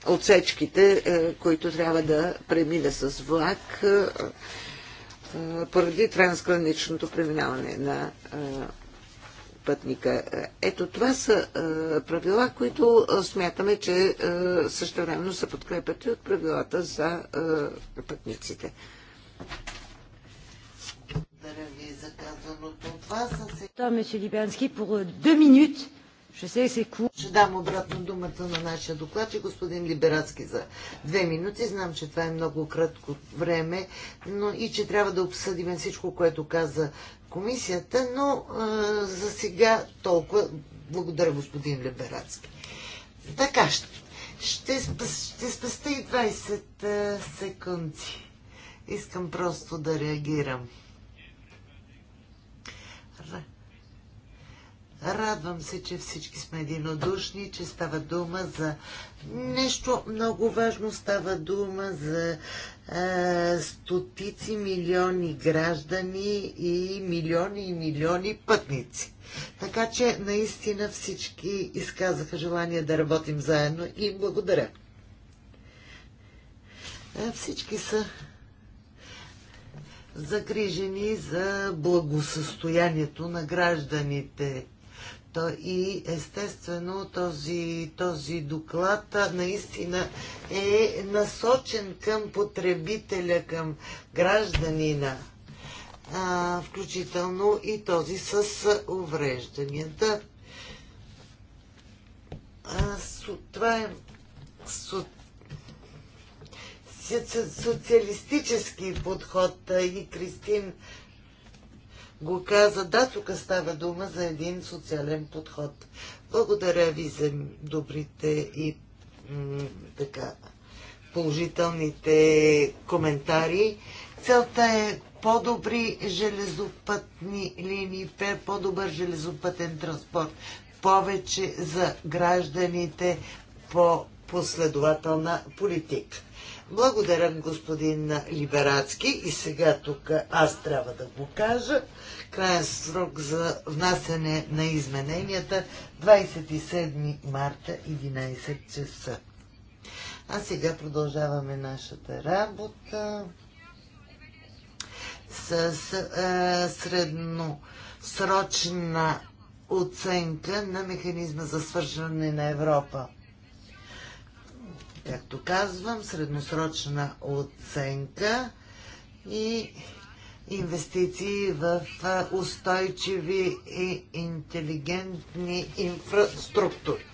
отсечките, които трябва да премине с влак поради трансграничното преминаване на пътника. Ето това са правила, които смятаме, че е, същевременно се подкрепят и от правилата за пътниците. Благодаря ви Сега... по 2 минути. Ще се euh, Ще дам обратно думата на нашия доклад и господин Либерацки за две минути. Знам, че това е много кратко време, но и че трябва да обсъдим всичко, което каза комисията, но за сега толкова. Благодаря, господин Либерацки. Така, ще, ще, спаста и 20 секунди. Искам просто да реагирам. Радвам се, че всички сме единодушни, че става дума за нещо много важно. Става дума за е, стотици милиони граждани и милиони и милиони пътници. Така че наистина всички изказаха желание да работим заедно и благодаря. Е, всички са загрижени за благосъстоянието на гражданите. То и естествено този, този доклад наистина е насочен към потребителя, към гражданина, а, включително и този с уврежданията. Да. Това е со, социалистически подход и Кристин го каза. Да, тук става дума за един социален подход. Благодаря ви за добрите и така положителните коментари. Целта е по-добри железопътни линии, по-добър железопътен транспорт, повече за гражданите по последователна политика. Благодаря, господин Либерацки. И сега тук аз трябва да го кажа. Краен срок за внасене на измененията 27 марта 11 часа. А сега продължаваме нашата работа с, с е, средносрочна оценка на механизма за свържване на Европа както казвам, средносрочна оценка и инвестиции в устойчиви и интелигентни инфраструктури.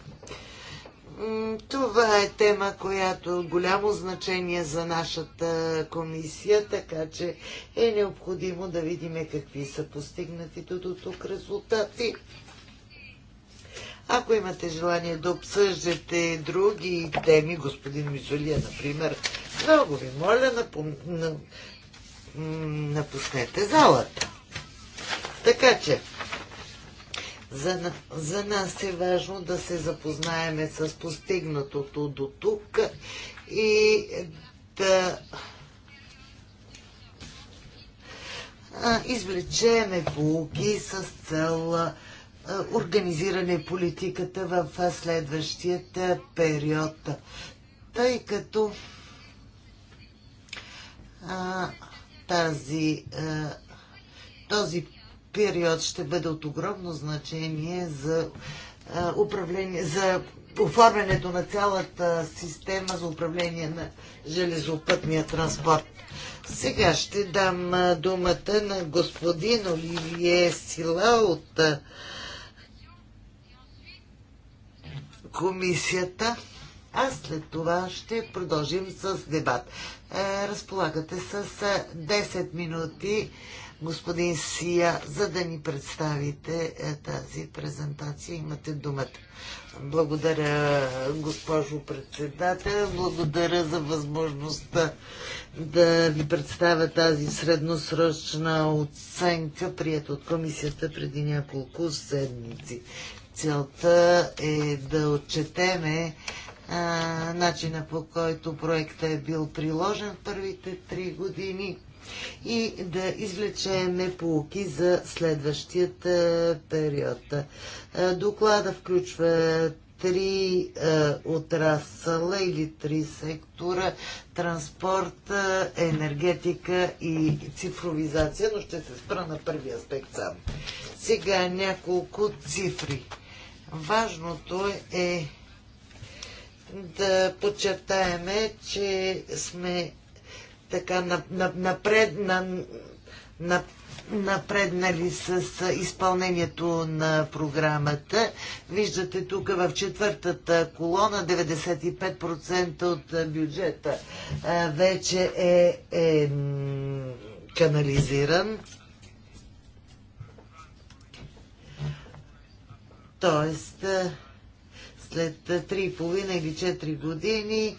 Това е тема, която е голямо значение за нашата комисия, така че е необходимо да видим какви са постигнатите до тук резултати ако имате желание да обсъждате други теми, господин Мизолия, например, много ви моля, напом... на... напуснете залата. Така че, за, за нас е важно да се запознаеме с постигнатото до тук и да извлечеме полуки с цел е, организиране политиката в е, следващия е, период. Тъй като а, тази, а, този период ще бъде от огромно значение за а, управление, за оформянето на цялата система за управление на железопътния транспорт. Сега ще дам думата на господин Оливие Сила от комисията, а след това ще продължим с дебат. Е, разполагате с 10 е, минути, господин Сия, за да ни представите е, тази презентация. Имате думата. Благодаря, госпожо председател. Благодаря за възможността да ви представя тази средносрочна оценка, прият от комисията преди няколко седмици. Целта е да отчетеме а, начина по който проектът е бил приложен в първите три години и да извлечеме полуки за следващият период. Доклада включва три е, отрасъла или три сектора транспорт, е, енергетика и цифровизация, но ще се спра на първи аспект сам. Сега няколко цифри. Важното е да подчертаеме, че сме така напред на, на, на, на напреднали с изпълнението на програмата. Виждате тук в четвъртата колона 95% от бюджета вече е, е канализиран. Тоест, след 3,5 или 4 години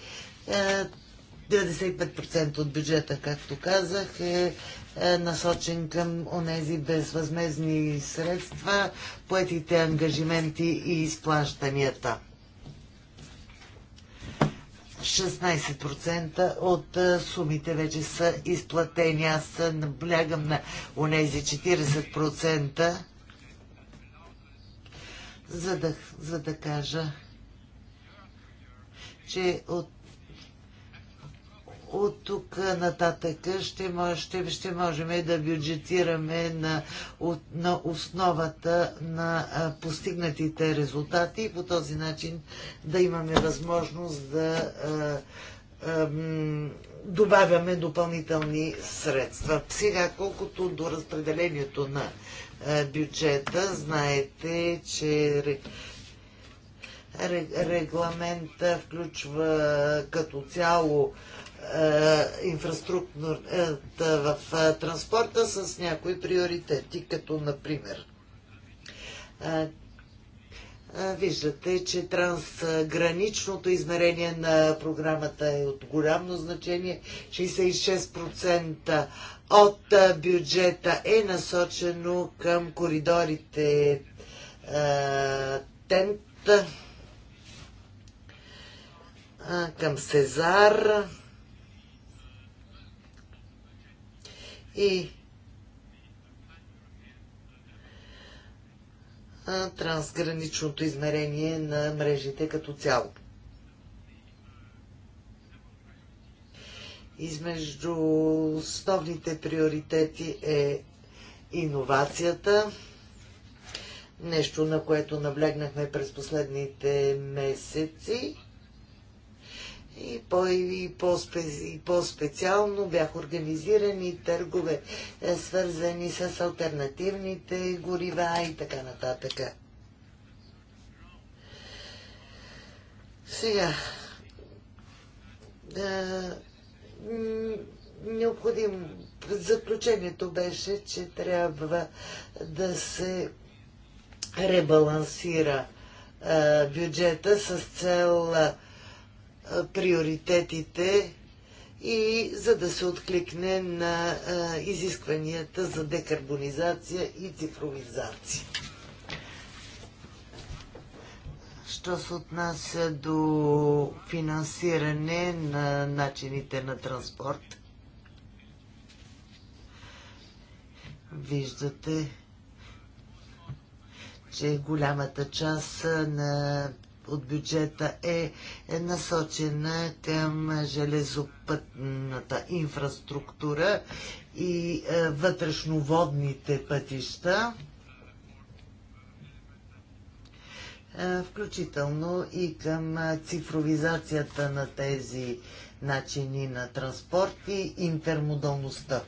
95% от бюджета, както казах, е е, насочен към онези безвъзмезни средства, поетите ангажименти и изплащанията. 16% от е, сумите вече са изплатени. Аз наблягам на онези 40%, за да, за да кажа, че от от тук нататък ще, ще, ще можем да бюджетираме на, от, на основата на а, постигнатите резултати и по този начин да имаме възможност да а, а, добавяме допълнителни средства. Сега, колкото до разпределението на а, бюджета, знаете, че регламента включва като цяло е, инфраструктурата е, в е, транспорта с някои приоритети, като например Виждате, че трансграничното измерение на програмата е от голямо значение. 66% от бюджета е насочено към коридорите Тент, към Сезар, и трансграничното измерение на мрежите като цяло. Измежду основните приоритети е иновацията, нещо на което наблегнахме през последните месеци и, по, и, по, и по-специално бяха организирани търгове, е, свързани с альтернативните горива и така нататък. Сега, е, необходим заключението беше, че трябва да се ребалансира е, бюджета с цел приоритетите и за да се откликне на изискванията за декарбонизация и цифровизация. Що се отнася до финансиране на начините на транспорт, виждате, че голямата част на от бюджета е, е насочена към железопътната инфраструктура и е, вътрешноводните пътища, е, включително и към е, цифровизацията на тези начини на транспорт и интермодалността.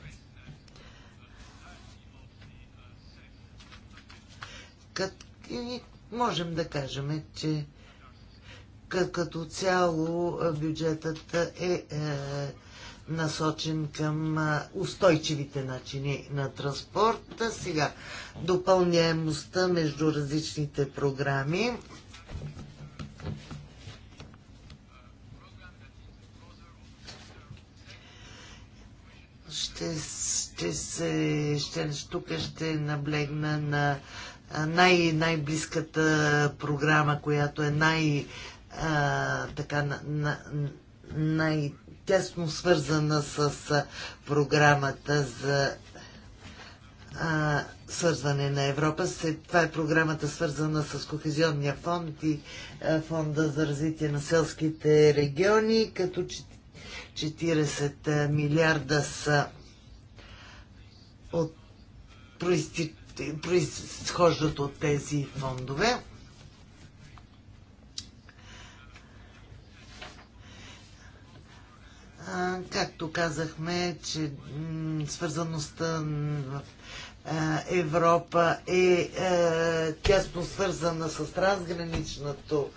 Кът, и можем да кажем, че като цяло бюджетът е, е насочен към устойчивите начини на транспорта. Сега допълняемостта между различните програми. Ще, ще се, ще, тук ще наблегна на най- най-близката програма, която е най- а, така на, на, най-тясно свързана с програмата за а, свързване на Европа. Това е програмата свързана с Кохезионния фонд и а, фонда за развитие на селските региони, като 40 милиарда са от произхождат от тези фондове. Както казахме, че свързаността в Европа е тясно свързана с трансграничното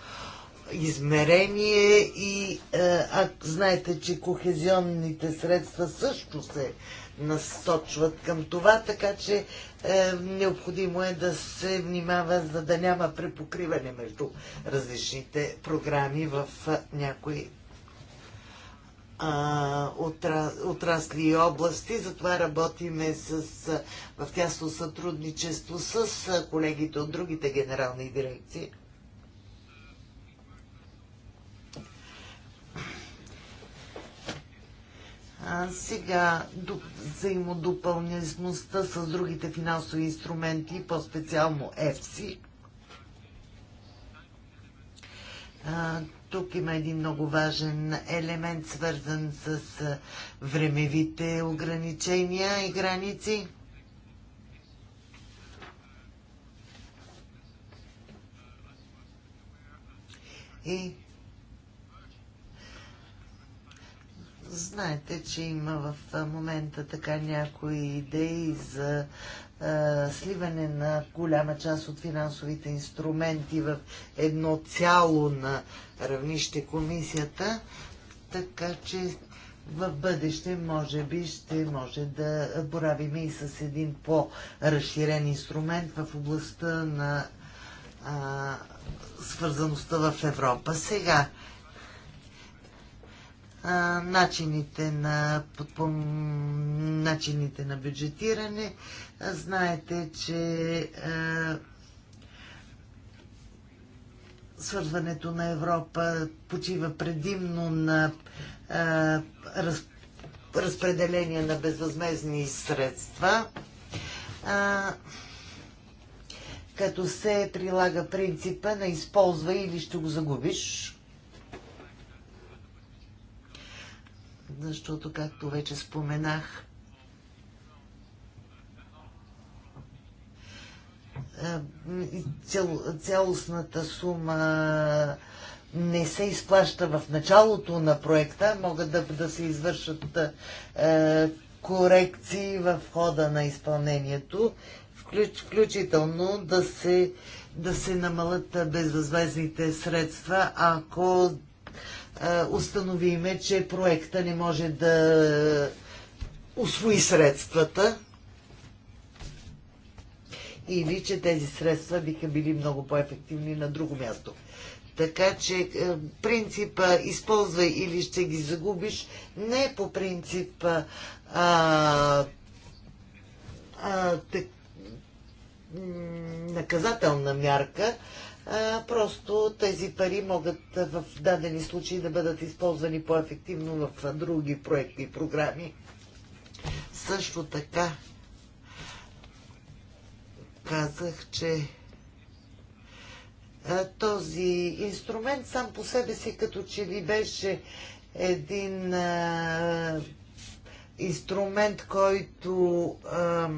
измерение и а, знаете, че кохезионните средства също се насочват към това, така че е, необходимо е да се внимава, за да няма препокриване между различните програми в някои а, отра, отрасли и области. Затова работиме с, в тясно сътрудничество с колегите от другите генерални дирекции. А, сега взаимодопълняемостта с другите финансови инструменти, по-специално EFSI. Тук има един много важен елемент, свързан с времевите ограничения и граници. И знаете, че има в момента така някои идеи за е, сливане на голяма част от финансовите инструменти в едно цяло на равнище комисията, така че в бъдеще може би ще може да боравим и с един по-разширен инструмент в областта на а, свързаността в Европа. Сега а, начините, на, по, начините на бюджетиране. А, знаете, че а, свързването на Европа почива предимно на а, раз, разпределение на безвъзмезни средства. А, като се прилага принципа на използва или ще го загубиш, защото, както вече споменах, е, цял, цялостната сума не се изплаща в началото на проекта, могат да, да се извършат е, корекции в хода на изпълнението, включ, включително да се, да се намалят безвъзвезните средства, ако установиме, че проекта не може да освои средствата или че тези средства биха били много по-ефективни на друго място. Така че е, принципа използвай или ще ги загубиш не по принцип а, а, так, наказателна мярка, а, просто тези пари могат в дадени случаи да бъдат използвани по-ефективно в други проекти и програми. Също така казах, че този инструмент сам по себе си като че ли беше един а, инструмент, който а,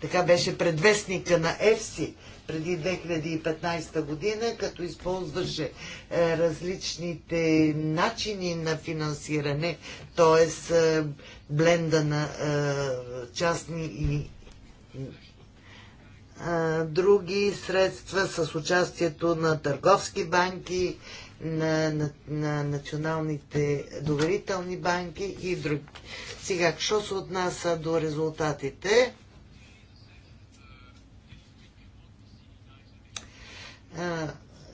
така беше предвестника на ЕФСИ преди 2015 година, като използваше е, различните начини на финансиране, т.е. бленда на е, частни и е, други средства с участието на търговски банки, на, на, на националните доверителни банки и други. Сега, що се отнася до резултатите?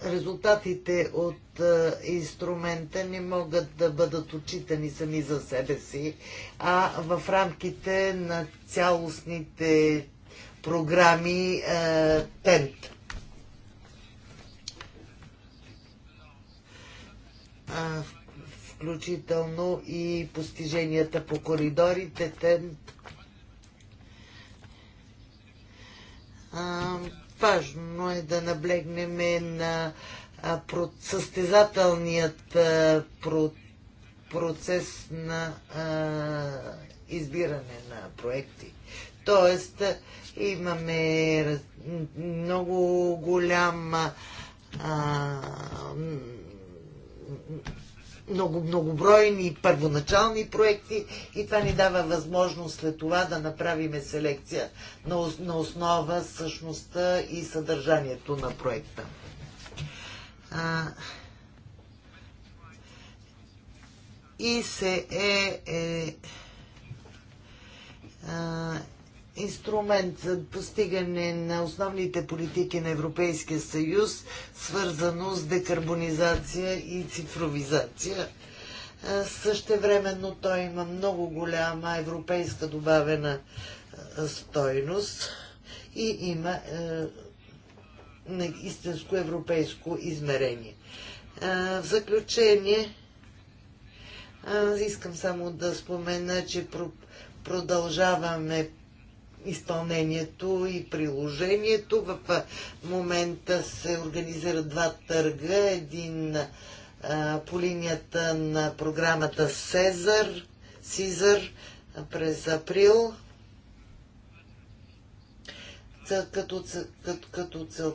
резултатите от инструмента не могат да бъдат отчитани сами за себе си, а в рамките на цялостните програми ТЕНТ. включително и постиженията по коридорите, ТЕНТ. Важно е да наблегнем на състезателният процес на избиране на проекти. Тоест, имаме много голям много, многобройни първоначални проекти и това ни дава възможност след това да направиме селекция на, на основа същността и съдържанието на проекта. А, и се е, е а, инструмент за постигане на основните политики на Европейския съюз, свързано с декарбонизация и цифровизация. Същевременно той има много голяма европейска добавена стойност и има е, истинско европейско измерение. Е, в заключение, е, искам само да спомена, че продължаваме изпълнението и приложението. В момента се организират два търга. Един а, по линията на програмата Сезар, Сизър през април. като, като, като цел,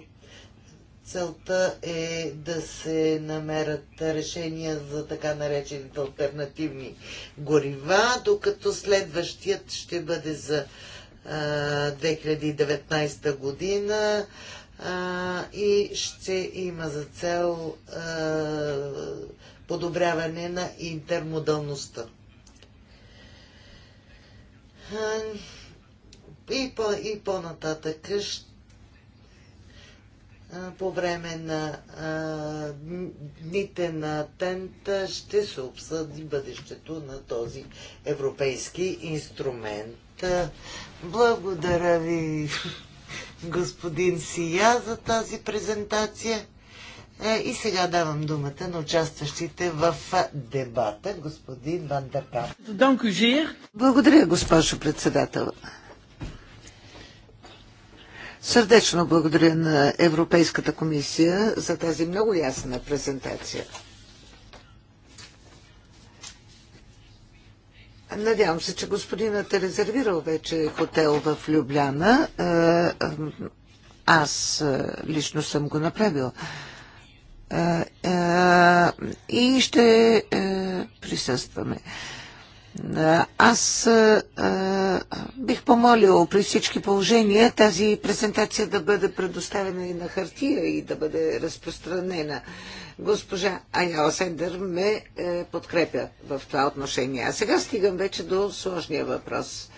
целта е да се намерят решения за така наречените альтернативни горива, докато следващият ще бъде за 2019 година и ще има за цел подобряване на интермодалността. И, по, и по-нататък по време на дните на тента ще се обсъди бъдещето на този европейски инструмент. Благодаря ви, господин Сия, за тази презентация. Е, и сега давам думата на участващите в дебата, господин Вандеркап. Благодаря, госпожо председател. Сърдечно благодаря на Европейската комисия за тази много ясна презентация. Надявам се, че господинът е резервирал вече хотел в Любляна. Е, е, аз е, лично съм го направил. И ще присъстваме. Аз а, бих помолил при всички положения тази презентация да бъде предоставена и на хартия и да бъде разпространена. Госпожа Аяла Сендър ме е, подкрепя в това отношение. А сега стигам вече до сложния въпрос.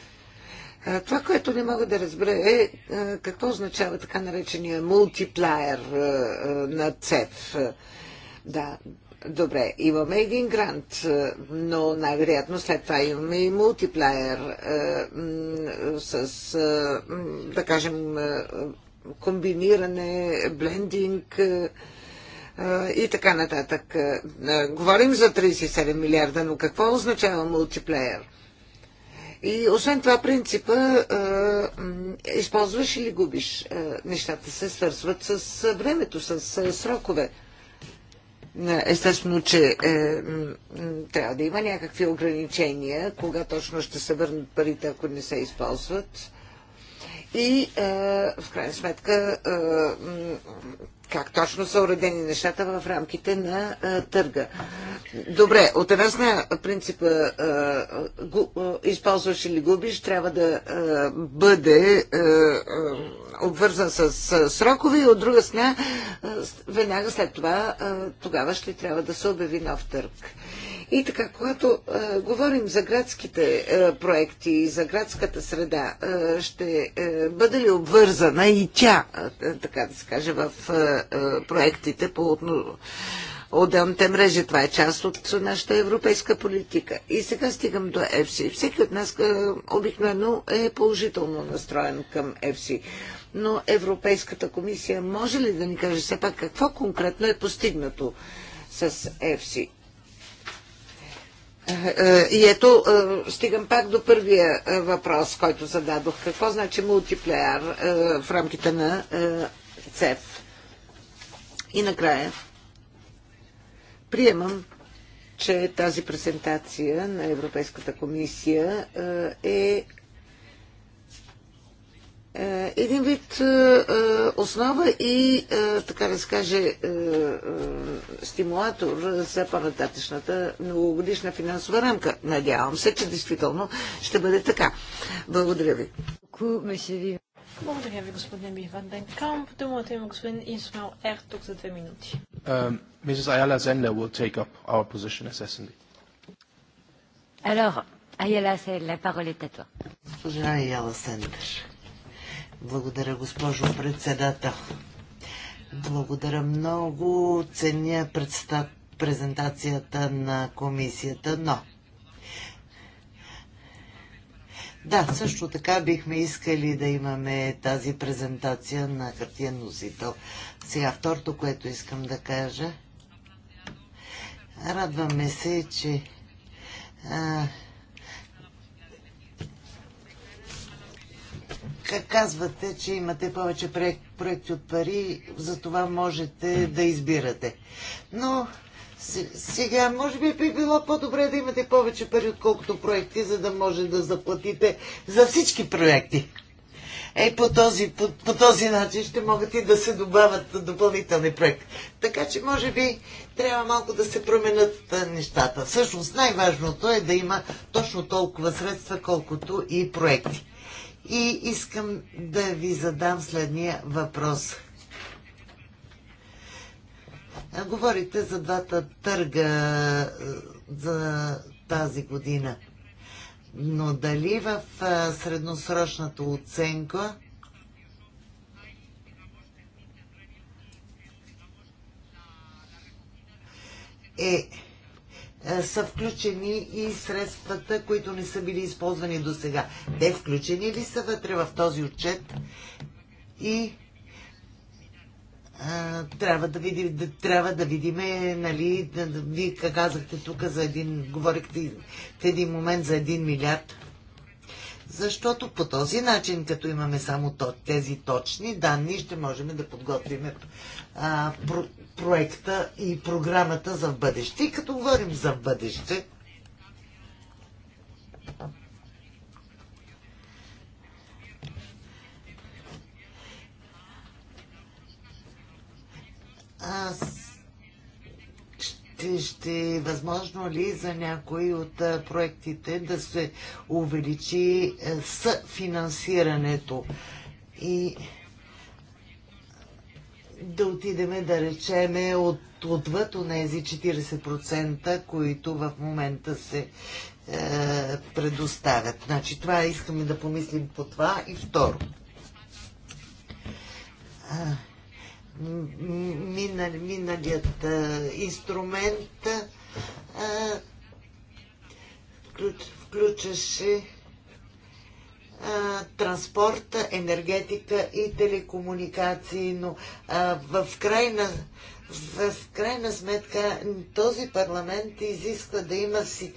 А, това, което не мога да разбера е а, е, какво означава така наречения мултиплаер а, е, е, на ЦЕФ. Да, Добре, имаме един грант, е, но най-вероятно след това имаме и мултиплеер е, с, е, да кажем, комбиниране, блендинг и така нататък. Говорим за 37 милиарда, но какво означава мултиплеер? И освен това принципа използваш или губиш. нещата се свързват с времето, с срокове. Естествено, че е, трябва да има някакви ограничения, кога точно ще се върнат парите, ако не се използват. И е, в крайна сметка е, как точно са уредени нещата в рамките на а, търга. Добре, от една сна, принципа а, гу, а, използваш или губиш трябва да а, бъде а, а, обвързан с, с срокове и от друга сна, а, веднага след това а, тогава ще трябва да се обяви нов търг. А, и така, когато а, говорим за градските а, проекти и за градската среда, а, ще а, бъде ли обвързана и тя, а, така да се каже, в а, а, проектите по отношение отделните мрежи. Това е част от нашата европейска политика. И сега стигам до ЕФСИ. Всеки от нас обикновено е положително настроен към ЕФСИ. Но Европейската комисия може ли да ни каже все пак какво конкретно е постигнато с ЕФСИ? Е, и ето, е, стигам пак до първия е, въпрос, който зададох. Какво значи мултиплеяр в рамките на ЦЕФ? И накрая, приемам, че тази презентация на Европейската комисия е е, един вид е, е, основа и, така да се каже, стимулатор за по-нататъчната многогодишна финансова рамка. Надявам се, че действително ще бъде така. Благодаря ви. Благодаря ви, господин Биван Денкам. Думата има господин Исмал Ертук за две минути. Мисис um, Айала Ayala Zender will take up our position as SND. Alors, Ayala, la parole est à toi. Госпожа Ayala благодаря, госпожо председател. Благодаря много. Ценя презентацията на комисията, но да, също така бихме искали да имаме тази презентация на хартия носител. Сега второто, което искам да кажа. Радваме се, че а, Как казвате, че имате повече проекти от пари, за това можете да избирате. Но сега, може би би било по-добре да имате повече пари, отколкото проекти, за да може да заплатите за всички проекти. Е, по този, по, по този начин ще могат и да се добавят допълнителни проекти. Така че, може би, трябва малко да се променят нещата. Всъщност, най-важното е да има точно толкова средства, колкото и проекти. И искам да ви задам следния въпрос. Говорите за двата търга за тази година. Но дали в средносрочната оценка е е, са включени и средствата, които не са били използвани до сега. Те включени ли са вътре в този отчет и а, е, трябва да видим, да, трябва да видим, нали, да, да, вие казахте тук за един, говорихте в един момент за един милиард. Защото по този начин, като имаме само тези точни данни, ще можем да подготвим а, про, проекта и програмата за в бъдеще. И като говорим за в бъдеще, аз ще, ще е възможно ли за някои от проектите да се увеличи е, съфинансирането с финансирането? И да отидеме, да речеме, от, отвъд от тези 40%, които в момента се е, предоставят. Значи това искаме да помислим по това. И второ. Минал, миналият е, инструмент е, включ, включваше транспорта, енергетика и телекомуникации, но а, в, крайна, в, крайна сметка този парламент изисква да има си,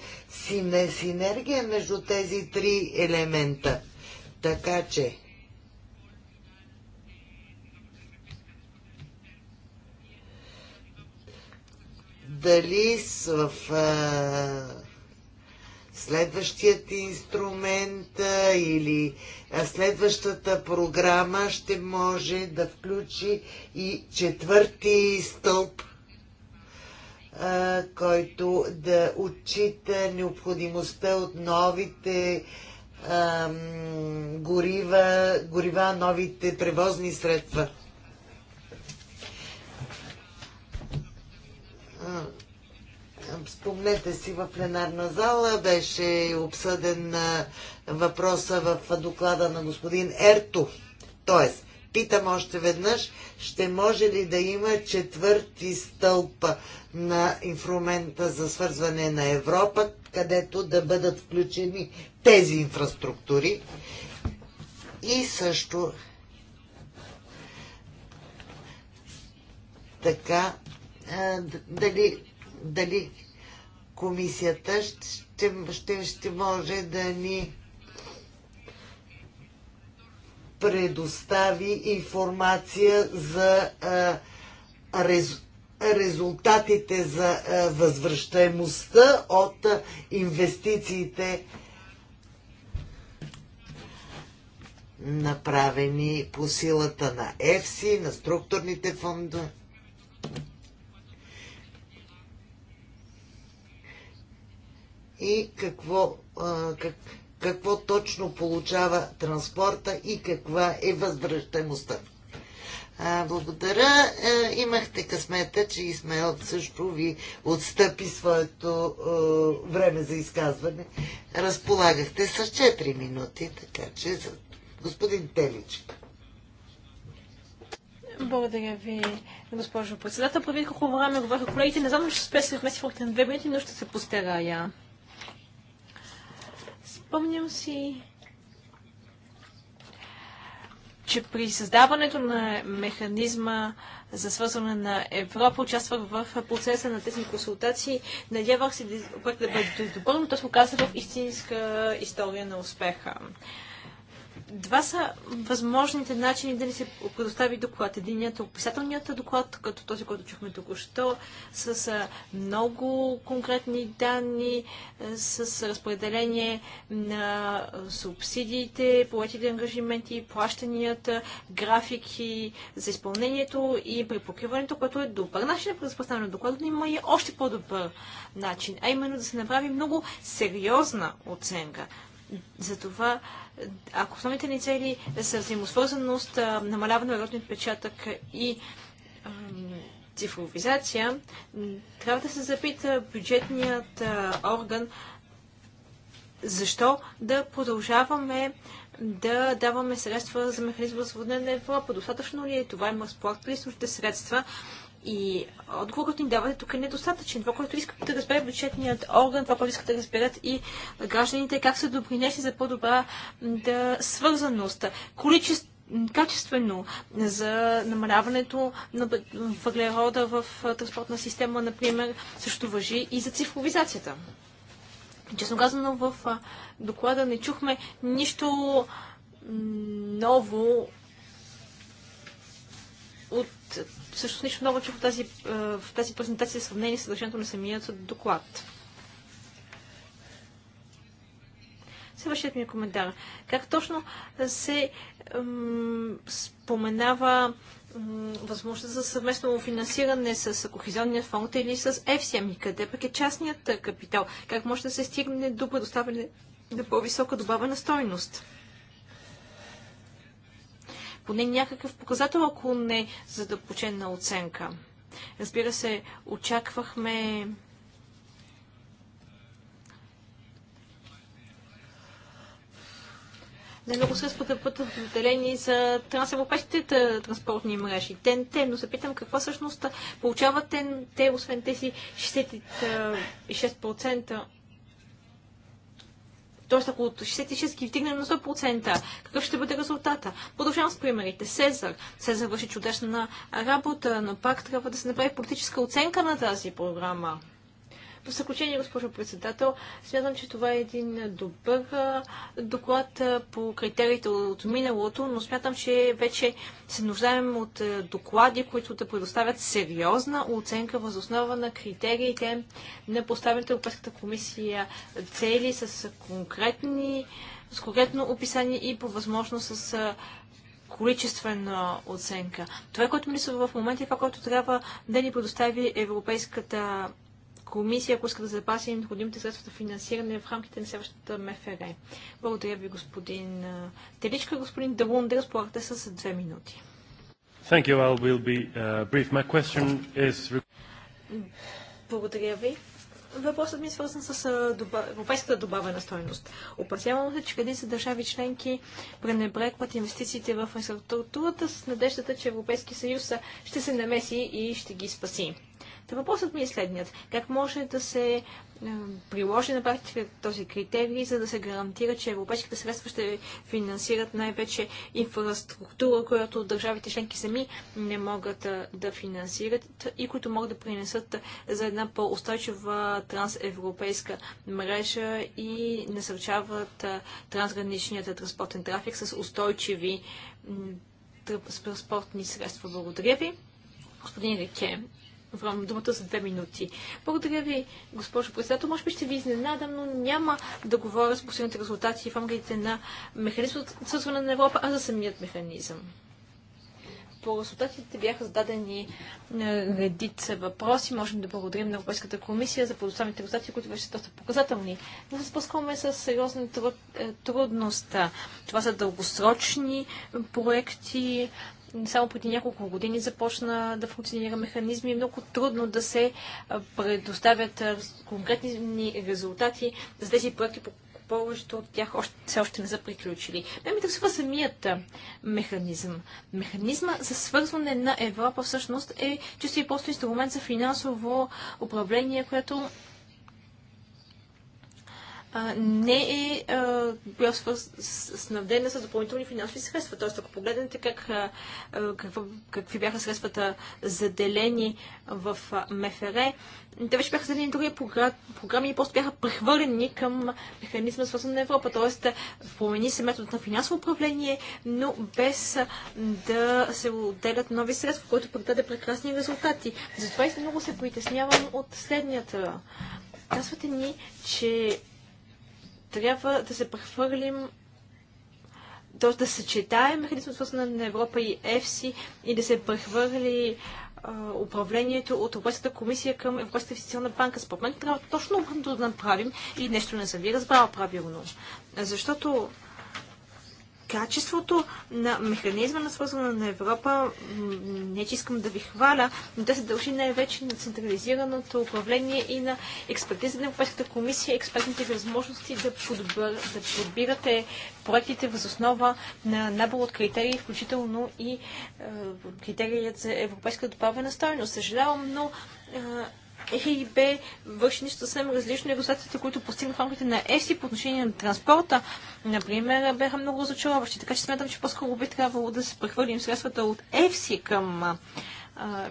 не, синергия между тези три елемента. Така че. Дали в. А, следващият инструмент или следващата програма ще може да включи и четвърти стълб, който да отчита необходимостта от новите горива, горива новите превозни средства спомнете си в пленарна зала, беше обсъден въпроса в доклада на господин Ерто. Тоест, питам още веднъж, ще може ли да има четвърти стълб на инструмента за свързване на Европа, където да бъдат включени тези инфраструктури и също така дали дали комисията ще, ще, ще може да ни предостави информация за а, рез, резултатите за а, възвръщаемостта от а, инвестициите направени по силата на ЕФСИ, на структурните фондове. и какво, как, какво точно получава транспорта и каква е възвръщаемостта. Благодаря. Имахте късмета, че Исмаел също ви отстъпи своето време за изказване. Разполагахте с 4 минути, така че за господин Телич. Благодаря ви, госпожо председател. Предвид колко време говориха колегите, не знам, че ще успея да в рамките на две минути, но ще се постарая. Спомням си, че при създаването на механизма за свързване на Европа участвах в процеса на тези консултации. Надявах се да бъде добър, но то се оказа в истинска история на успеха. Два са възможните начини да ни се предостави доклад. Единият е описателният доклад, като този, който чухме току-що, с много конкретни данни, с разпределение на субсидиите, поетите ангажименти, плащанията, графики за изпълнението и припокриването, което е добър начин на предоставяне на доклада, но има и още по-добър начин, а именно да се направи много сериозна оценка. Затова, ако основните ни цели са взаимосвързаност, намаляване на родния отпечатък и цифровизация, трябва да се запита бюджетният орган защо да продължаваме да даваме средства за механизма за свободна на Европа. Достатъчно ли е това? Има разполагат ли средства, и отговорът, който ни давате тук е недостатъчен. Това, което искат да разбере бюджетният орган, това, което искат да разберат и гражданите, как са допринесли за по-добра да, свързаност. Количество качествено за намаляването на въглерода в транспортна система, например, също въжи и за цифровизацията. Честно казано, в доклада не чухме нищо ново от всъщност нищо много чух в тази, е, в тази презентация сравнение с съдържанието на самият доклад. Следващият ми коментар. Как точно се споменава възможност за съвместно финансиране с Кохизионния фонд или с ФСМ, ами, къде пък е частният капитал? Как може да се стигне до предоставяне на по-висока добавена стойност? поне някакъв показател, ако не задълбочена оценка. Разбира се, очаквахме не много средства да бъдат отделени за трансевропейските е, транспортни мрежи. Те, те, но се питам всъщност получават те освен тези 66% Тоест, ако от 66 ги вдигнем на 100%, какъв ще бъде резултата? Продължавам с примерите. Сезар. Сезар върши чудесна работа, но пак трябва да се направи политическа оценка на тази програма. В заключение, госпожо председател, смятам, че това е един добър доклад по критериите от миналото, но смятам, че вече се нуждаем от доклади, които да предоставят сериозна оценка въз основа на критериите на поставените Европейската комисия цели с конкретни с конкретно описание и по възможност с количествена оценка. Това, което мисля в момента е това, което трябва да ни предостави Европейската комисия, ако иска да запаси необходимите средства за финансиране в рамките на следващата МФР. Благодаря ви, господин Теличка. Господин Дълун, да разполагате с две минути. Thank you. I will be uh, brief. My question is... Благодаря ви. Въпросът ми е свързан с европейската добавена стойност. Опасявам се, че къде са държави членки пренебрегват инвестициите в инфраструктурата с надеждата, че Европейски съюз ще се намеси и ще ги спаси. Та въпросът ми е следният. Как може да се е, приложи на практика този критерий, за да се гарантира, че европейските средства ще финансират най-вече инфраструктура, която държавите членки сами не могат е, да финансират и които могат да принесат за една по-устойчива трансевропейска мрежа и насърчават е, трансграничният транспортен трафик с устойчиви транспортни средства. Благодаря ви. Господин Реке, Врам думата за две минути. Благодаря ви, госпожо председател. Може би ще ви изненадам, но няма да говоря с последните резултати в рамките на механизма свързване на Европа, а за самият механизъм. По резултатите бяха зададени е, редица въпроси. Можем да благодарим на Европейската комисия за предоставените резултати, които беше доста показателни. Но се спускаме с сериозна труд, е, трудност. Това са дългосрочни проекти, само преди няколко години започна да функционира механизми и е много трудно да се предоставят конкретни резултати за тези проекти, по повечето от тях още, все още не са приключили. Ме ми интересува самият механизъм. Механизма за свързване на Европа всъщност е чисто и просто инструмент за финансово управление, което а, не е била снабдена с допълнителни финансови средства. Тоест, ако погледнете как, а, какво, какви бяха средствата заделени в МФР, те вече бяха заделени други програми и просто бяха прехвърлени към механизма с на Европа. Тоест, промени се метод на финансово управление, но без да се отделят нови средства, което пък даде прекрасни резултати. Затова и много се притеснявам от следнията. Казвате ни, че трябва да се прехвърлим т.е. да съчетаем механизма свързана на Европа и ЕФСИ и да се прехвърли управлението от Европейската комисия към Европейската инвестиционна банка. Според мен трябва точно да направим и нещо не съм ви разбрала правилно. Защото качеството на механизма на свързване на Европа, не че искам да ви хваля, но да се дължи най-вече на централизираното управление и на експертиза на Европейската комисия, експертните възможности да, подбър, да подбирате проектите въз основа на набор от критерии, включително и е, критерият за европейска добавена стоеност. Съжалявам, но е, е, и бе върши нещо съвсем различно и резултатите, които постигнат в рамките на ЕСИ по отношение на транспорта, например, бяха много разочароващи. Така че смятам, че по-скоро би трябвало да се прехвърлим средствата от ЕФСИ към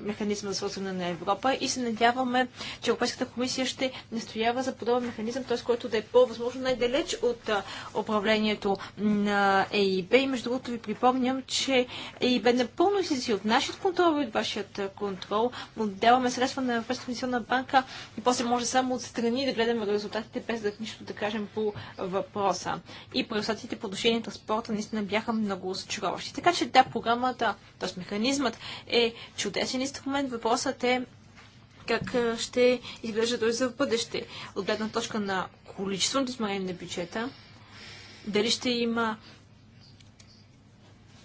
механизма за свързване на Европа и се надяваме, че Европейската комисия ще настоява за подобен механизъм, т.е. който да е по-възможно най-далеч от управлението на ЕИБ. И между другото ви припомням, че ЕИБ напълно излиза от нашия контрол и от вашият контрол. Отдаваме средства на Европейската комисионна банка и после може само отстрани да гледаме резултатите, без да нищо да кажем по въпроса. И резултатите по отношение на спорта, наистина бяха много разочароващи. Така че да, програмата, т.е. механизмът е чудесен интересен значи, момент Въпросът е как ще изглежда той за бъдеще. От гледна точка на количественото изменение на бюджета, дали ще има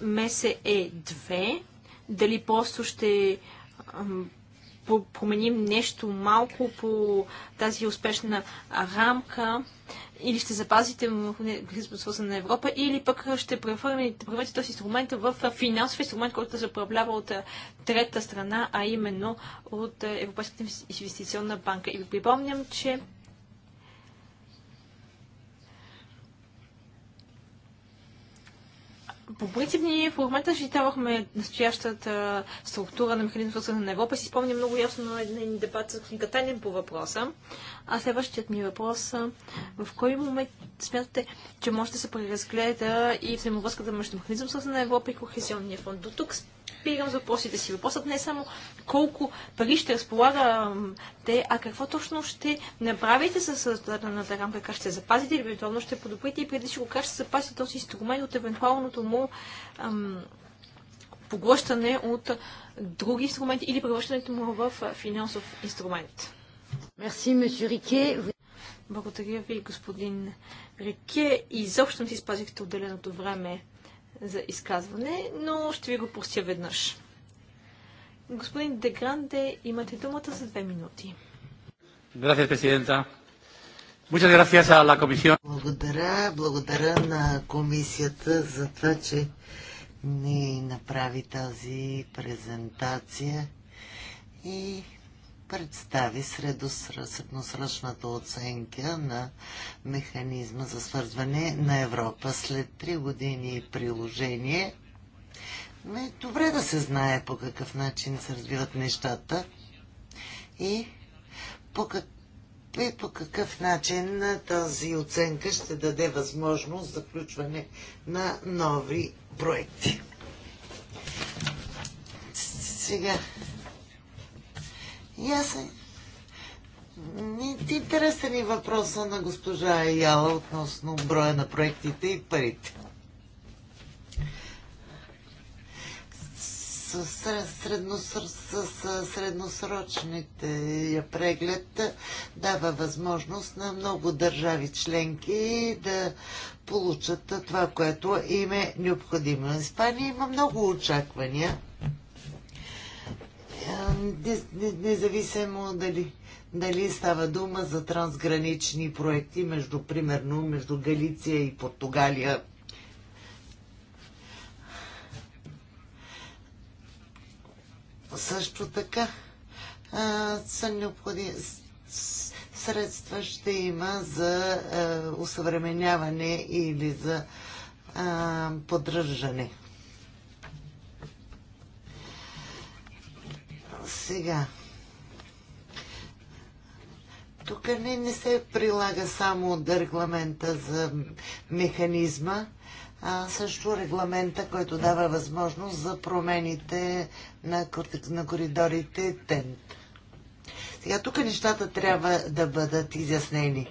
МСЕ-2, дали просто ще променим нещо малко по тази успешна рамка или ще запазите Хизбосвоса на Европа, или пък ще превърнете, превърнете този инструмент в финансов инструмент, който се управлява от трета страна, а именно от Европейската инвестиционна банка. И ви припомням, че По принцип ние в момента защитавахме настоящата структура на механизма на Европа. Си спомня много ясно на един дебат с Катанин по въпроса. А следващият ми въпрос в кой момент смятате, че може да се преразгледа и взаимовръзката между механизъм на Европа и Кохезионния фонд? До тук спирам за въпросите си. Въпросът не е само колко пари ще разполагате, а какво точно ще направите с създадената рамка, как ще запазите или евентуално ще подобрите и преди всичко как ще запазите този инструмент от евентуалното му ам, поглъщане от други инструменти или превръщането му в финансов инструмент. Мерси, Рике. Благодаря ви, господин Рике. Изобщо не си спазихте отделеното време за изказване, но ще ви го пустя веднъж. Господин Дегранде, имате думата за две минути. Gracias, Presidenta. Muchas gracias a la Comisión. Благодаря, благодаря на комисията за това, че ни направи тази презентация и представи средносръчната оценка на механизма за свързване на Европа. След три години приложение е добре да се знае по какъв начин се развиват нещата и по, как... и по какъв начин тази оценка ще даде възможност за включване на нови проекти. Сега Ясен. Интересен и е въпроса на госпожа Яла относно броя на проектите и парите. С средносрочните преглед дава възможност на много държави членки да получат това, което им е необходимо. Испания има много очаквания независимо дали, дали става дума за трансгранични проекти, между, примерно, между Галиция и Португалия. Също така а, са необходими средства ще има за а, усъвременяване или за а, поддържане. Сега. Тук не, не се прилага само от регламента за механизма, а също регламента, който дава възможност за промените на, на коридорите ТЕНТ. Сега тук нещата трябва да бъдат изяснени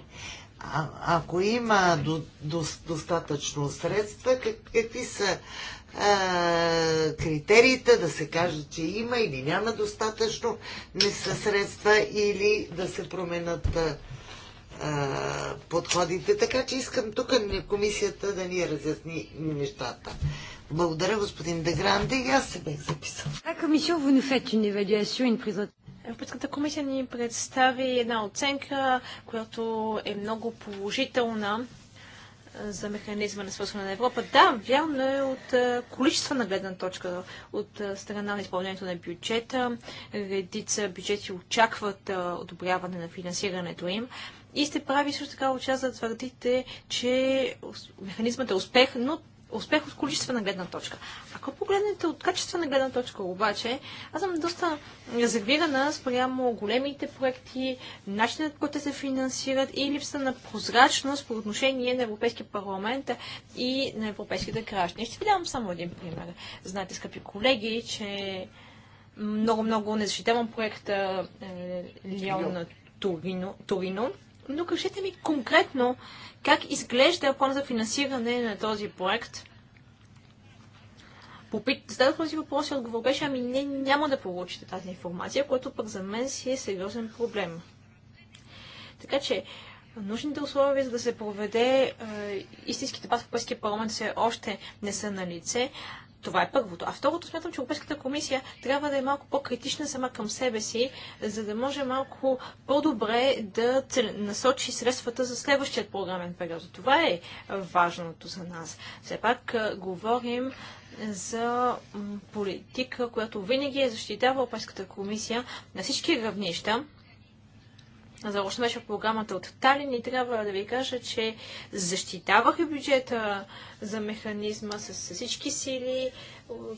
а, ако има до, до, достатъчно средства, как, какви са а, критериите да се каже, че има или няма достатъчно не са средства или да се променят а, подходите. Така че искам тук на комисията да ни разясни нещата. Благодаря, господин Дегранде. И аз се бях записал. La commission, vous nous une évaluation, une présentation. Европейската комисия ни представи една оценка, която е много положителна за механизма на свързване на Европа. Да, вярно е от на гледна точка, от страна на изпълнението на бюджета. Редица бюджети очакват одобряване на финансирането им. И сте прави също така от за да твърдите, че механизмът е успех, но успех от количествена гледна точка. Ако погледнете от качествена гледна точка обаче, аз съм доста резервирана спрямо големите проекти, начинът по който се финансират и липса на прозрачност по отношение на Европейския парламент и на европейските граждани. Ще ви дам само един пример. Знаете, скъпи колеги, че много-много не защитавам проекта е, Лион Торино, но кажете ми конкретно как изглежда план за финансиране на този проект. Попит, зададох този въпрос и отговор беше, ами не, няма да получите тази информация, което пък за мен си е сериозен проблем. Така че, нужните условия за да се проведе е, истински дебат в Европейския парламент все още не са на лице, това е първото. А второто, смятам, че Европейската комисия трябва да е малко по-критична сама към себе си, за да може малко по-добре да насочи средствата за следващия програмен период. Това е важното за нас. Все пак говорим за политика, която винаги е защитава Европейската комисия на всички равнища, заложена програмата от Талин и трябва да ви кажа, че защитаваха бюджета за механизма с всички сили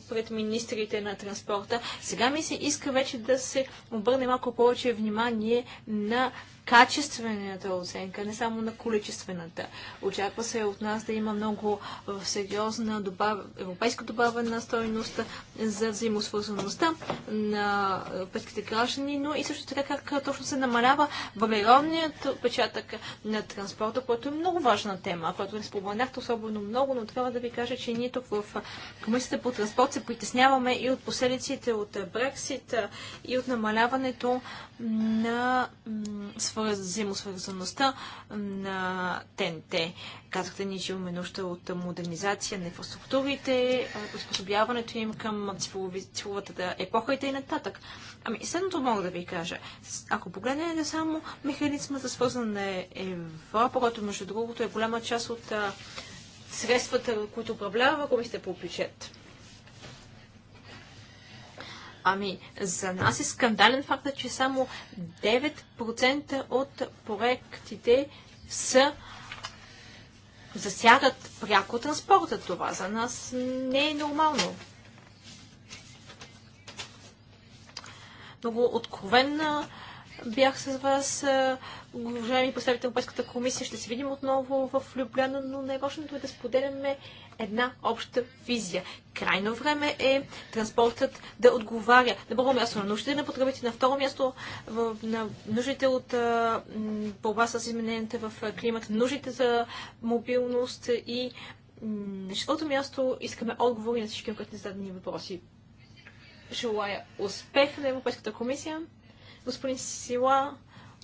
пред министрите на транспорта. Сега ми се иска вече да се обърне малко повече внимание на качествената оценка, не само на количествената. Очаква се от нас да има много сериозна добав... европейска добавена стойност за взаимосвързаността на европейските граждани, но и също така как точно се намалява въглеродният печатък на транспорта, което е много важна тема, която не споменахте особено много, но трябва да ви кажа, че ние тук в Комисията по транспорт се притесняваме и от последиците от Брексит и от намаляването на взаимосвързаността на ТНТ. Казахте ни, че имаме нужда от модернизация на инфраструктурите, приспособяването им към цифровата епоха и т.н. Ами, следното мога да ви кажа. Ако погледнете само механизма за свързане на Европа, който между другото е голяма част от средствата, които управлява комисията по бюджет. Ами, за нас е скандален факта, че само 9% от проектите са засягат пряко транспорта. Това за нас не е нормално. Много откровенна бях с вас, уважаеми представители на Европейската комисия. Ще се видим отново в Любляна, но най-важното е да споделяме една обща визия. Крайно време е транспортът да отговаря на първо място на нуждите на потребите, на второ място на нуждите от борба с измененията в климата, нуждите за мобилност и на четвърто място искаме отговори на всички въпроси, зададени въпроси. Желая успех на Европейската комисия. Господин Сила,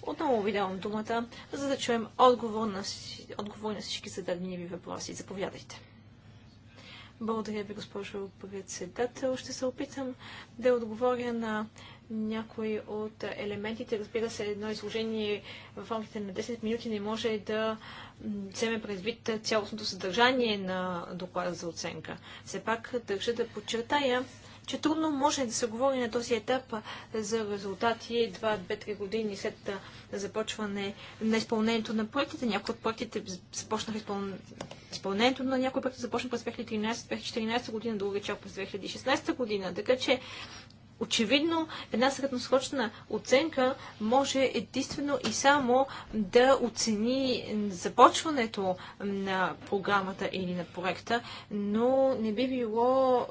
отново ви давам думата, за да чуем отговор на, отговор на всички зададени ви въпроси. Заповядайте. Благодаря ви, госпожо председател. Ще се опитам да отговоря на някои от елементите. Разбира се, едно изложение в рамките на 10 минути не може да вземе предвид цялостното съдържание на доклада за оценка. Все пак държа да подчертая, че трудно може да се говори на този етап за резултати 2-3 години след започване на изпълнението на проектите. Някои от проектите започнаха изпълнението на някои проекти започна през 2013-2014 година, други чак през 2016 година. Така че Очевидно, една средносрочна оценка може единствено и само да оцени започването на програмата или на проекта, но не би било а,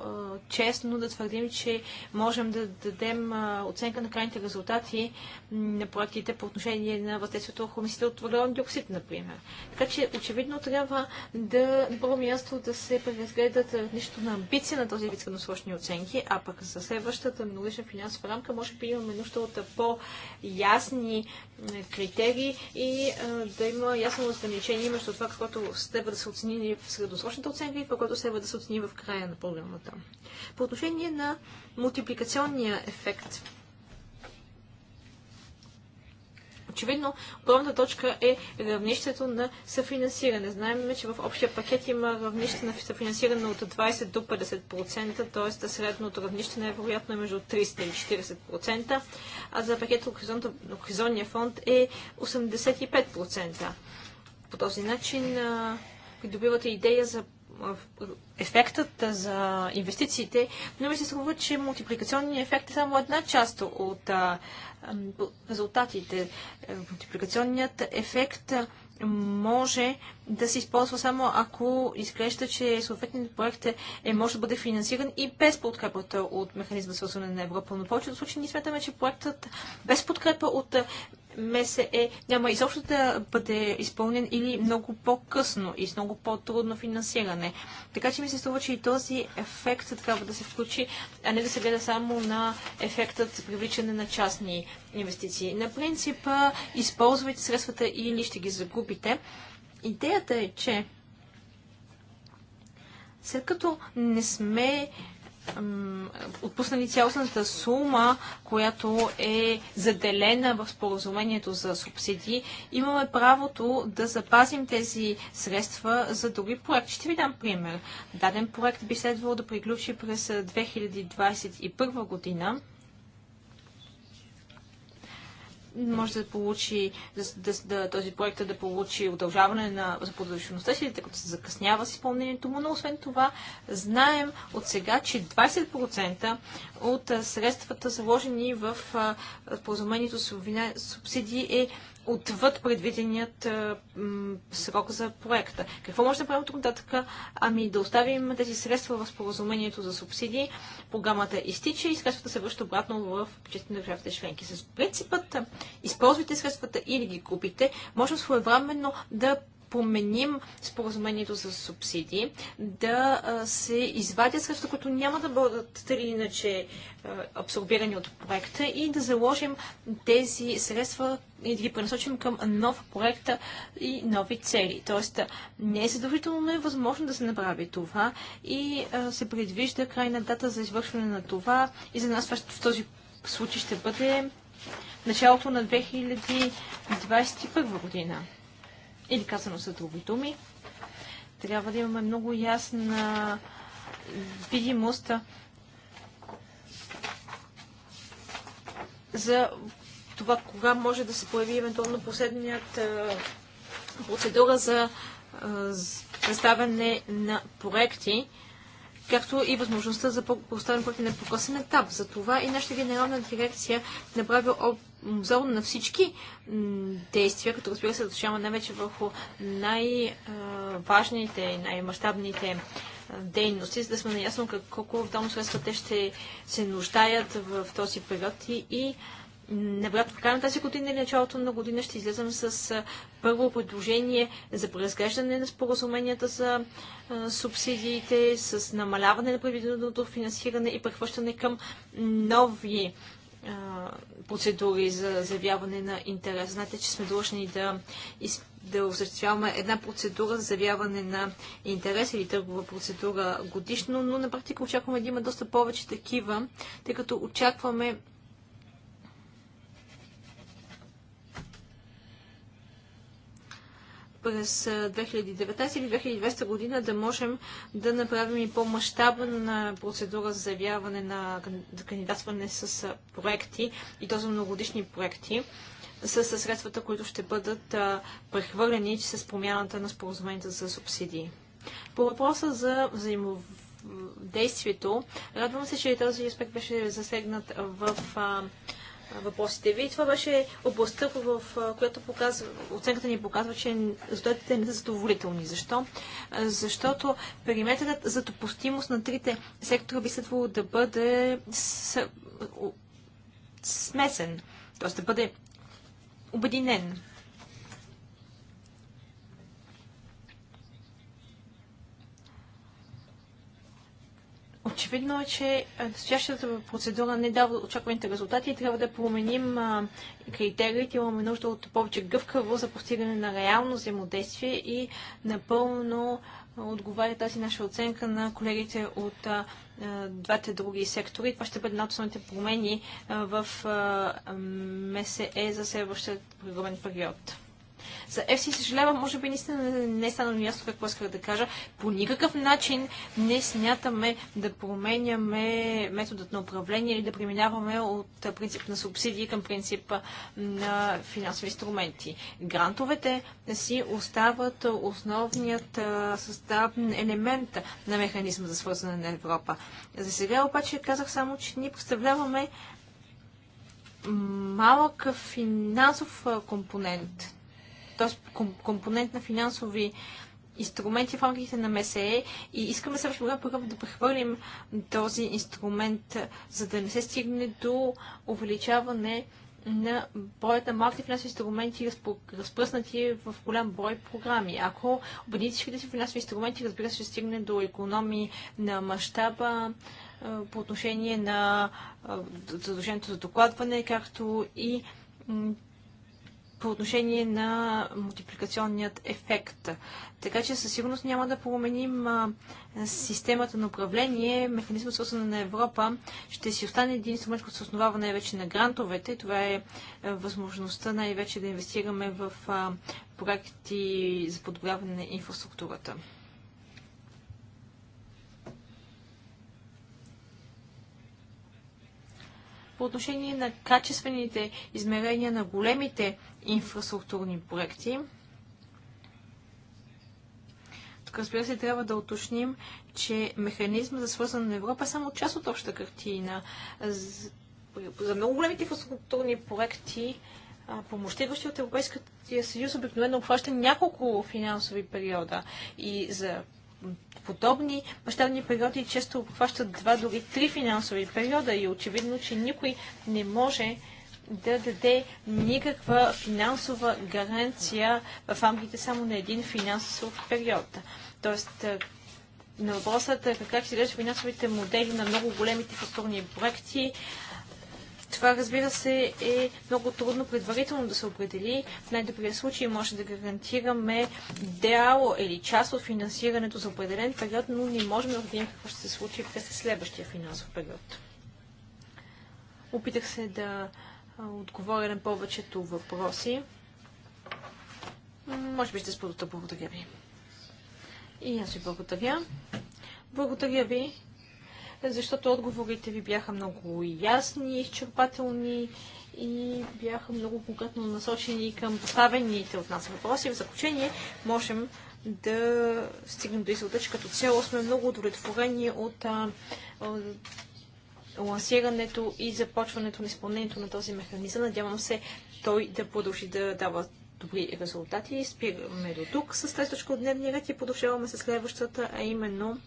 честно да твърдим, че можем да дадем а, оценка на крайните резултати на проектите по отношение на въздействието върху мислите от въглероден диоксид, например. Така че, очевидно, трябва да на първо място да се преразгледат нищо на амбиция на този вид средносрочни оценки, а пък за следващата на многогодишна финансова рамка, може би имаме нужда от по-ясни критерии и да има ясно разграничение между това, което следва да се оцени в средосрочната оценка и това, което следва да се оцени в края на програмата. По отношение на мултипликационния ефект, Очевидно, главната точка е равнището на съфинансиране. Знаем, че в общия пакет има равнище на съфинансиране от 20 до 50%, т.е. средното равнище на вероятно е между 300 и 40%, а за пакет Охизонния фонд е 85%. По този начин придобивате идея за ефектът за инвестициите, но ми се струва, че мултипликационният ефект е само една част от резултатите. Мултипликационният ефект може да се използва само ако изглежда, че съответният проект е, е може да бъде финансиран и без подкрепата от механизма свързване на Европа. Но в повечето случаи ние смятаме, че проектът без подкрепа от МСЕ е няма изобщо да бъде изпълнен или много по-късно и с много по-трудно финансиране. Така че ми се струва, че и този ефект трябва да се включи, а не да се гледа само на ефектът за привличане на частни инвестиции. На принципа използвайте средствата или ще ги загубите. Идеята е, че след като не сме отпуснали цялостната сума, която е заделена в споразумението за субсидии, имаме правото да запазим тези средства за други проекти. Ще ви дам пример. Даден проект би следвало да приключи през 2021 година може да получи да, да, да, този проект да получи удължаване на продължителността си, тъй като се закъснява с изпълнението му, но освен това знаем от сега, че 20% от средствата заложени в споразумението субсидии е отвъд предвиденият а, е, м, срок за проекта. Какво може да правим тук нататък? Ами да оставим тези средства в споразумението за субсидии. Програмата изтича и средствата се връщат обратно в бюджетите на държавите членки. С принципът е, използвайте средствата или ги купите, може своевременно да поменим споразумението за субсидии, да се извадят средства, които няма да бъдат три иначе абсорбирани от проекта и да заложим тези средства и да ги пренасочим към нов проект и нови цели. Тоест, не е задължително, но е възможно да се направи това и се предвижда крайна дата за извършване на това и за нас в този случай ще бъде началото на 2021 година. Или казано са други думи, трябва да имаме много ясна видимост за това кога може да се появи евентуално последният процедура за представяне на проекти както и възможността за поставен проект на покосен етап. За това и нашата генерална дирекция направи обзор на всички действия, като разбира се, отрешава най-вече върху най-важните и най-масштабните дейности, за да сме наясно колко дом средства те ще се нуждаят в този период и, и вероятно в края на тази година или началото на година ще излезем с първо предложение за преразглеждане на споразуменията за субсидиите, с намаляване на предвиденото финансиране и прехващане към нови процедури за заявяване на интерес. Знаете, че сме длъжни да, да осъществяваме една процедура за заявяване на интерес или търгова процедура годишно, но на практика очакваме да има доста повече такива, тъй като очакваме през 2019 или 2020 година да можем да направим и по-масштабна процедура за заявяване на кандидатстване с проекти и то за многогодишни проекти с средствата, които ще бъдат прехвърлени с промяната на споразумението за субсидии. По въпроса за взаимодействието, радвам се, че този аспект беше засегнат в въпросите ви. Това беше областта, в която показва, оценката ни показва, че резултатите не са задоволителни. Защо? Защото периметърът за допустимост на трите сектора би следвало да бъде с... смесен, т.е. да бъде обединен. Очевидно е, че настоящата процедура не дава очакваните резултати и трябва да променим критериите. Имаме нужда от повече гъвкаво за постигане на реално взаимодействие и напълно отговаря тази наша оценка на колегите от а, двете други сектори. Това ще бъде една основните промени а, в а, МСЕ за следващия програмен период. За FC съжалявам, може би наистина не е станало ясно какво исках да кажа. По никакъв начин не смятаме да променяме методът на управление или да преминаваме от принцип на субсидии към принцип на финансови инструменти. Грантовете си остават основният съставен елемент на механизма за свързване на Европа. За сега обаче казах само, че ние представляваме малък финансов компонент т.е. компонент на финансови инструменти в рамките на МСЕ и искаме също така първо да прехвърлим този инструмент, за да не се стигне до увеличаване на броят на малките финансови инструменти, разпръснати в голям брой програми. Ако обедините всичките си финансови инструменти, разбира се, ще стигне до економии на мащаба по отношение на задължението за докладване, както и по отношение на мултипликационният ефект. Така че със сигурност няма да променим а, системата на управление. Механизмът свързан на Европа ще си остане един инструмент, който се основава най-вече на грантовете. Това е а, възможността най-вече да инвестираме в а, проекти за подобряване на инфраструктурата. по отношение на качествените измерения на големите инфраструктурни проекти. Тук разбира се трябва да уточним, че механизма за свързана на Европа е само част от общата картина. За много големите инфраструктурни проекти помощта, от Европейския съюз, обикновено обхваща няколко финансови периода. И за подобни мащабни периоди често обхващат два, дори три финансови периода и очевидно, че никой не може да даде никаква финансова гаранция в рамките само на един финансов период. Тоест, е, на въпросът е как се гледат финансовите модели на много големите инфраструктурни проекти, това, разбира се, е много трудно предварително да се определи. В най-добрия случай може да гарантираме дяло или част от финансирането за определен период, но не можем да видим какво ще се случи през следващия финансов период. Опитах се да отговоря на повечето въпроси. Може би ще сподобя. Благодаря ви. И аз ви благодаря. Благодаря ви защото отговорите ви бяха много ясни, изчерпателни и бяха много конкретно насочени към поставените от нас въпроси. В заключение можем да стигнем до извода, че като цяло сме много удовлетворени от а, лансирането и започването на изпълнението на този механизъм. Надявам се той да продължи да дава добри резултати. Спираме до тук с тази точка от дневния ред и продължаваме с следващата, а именно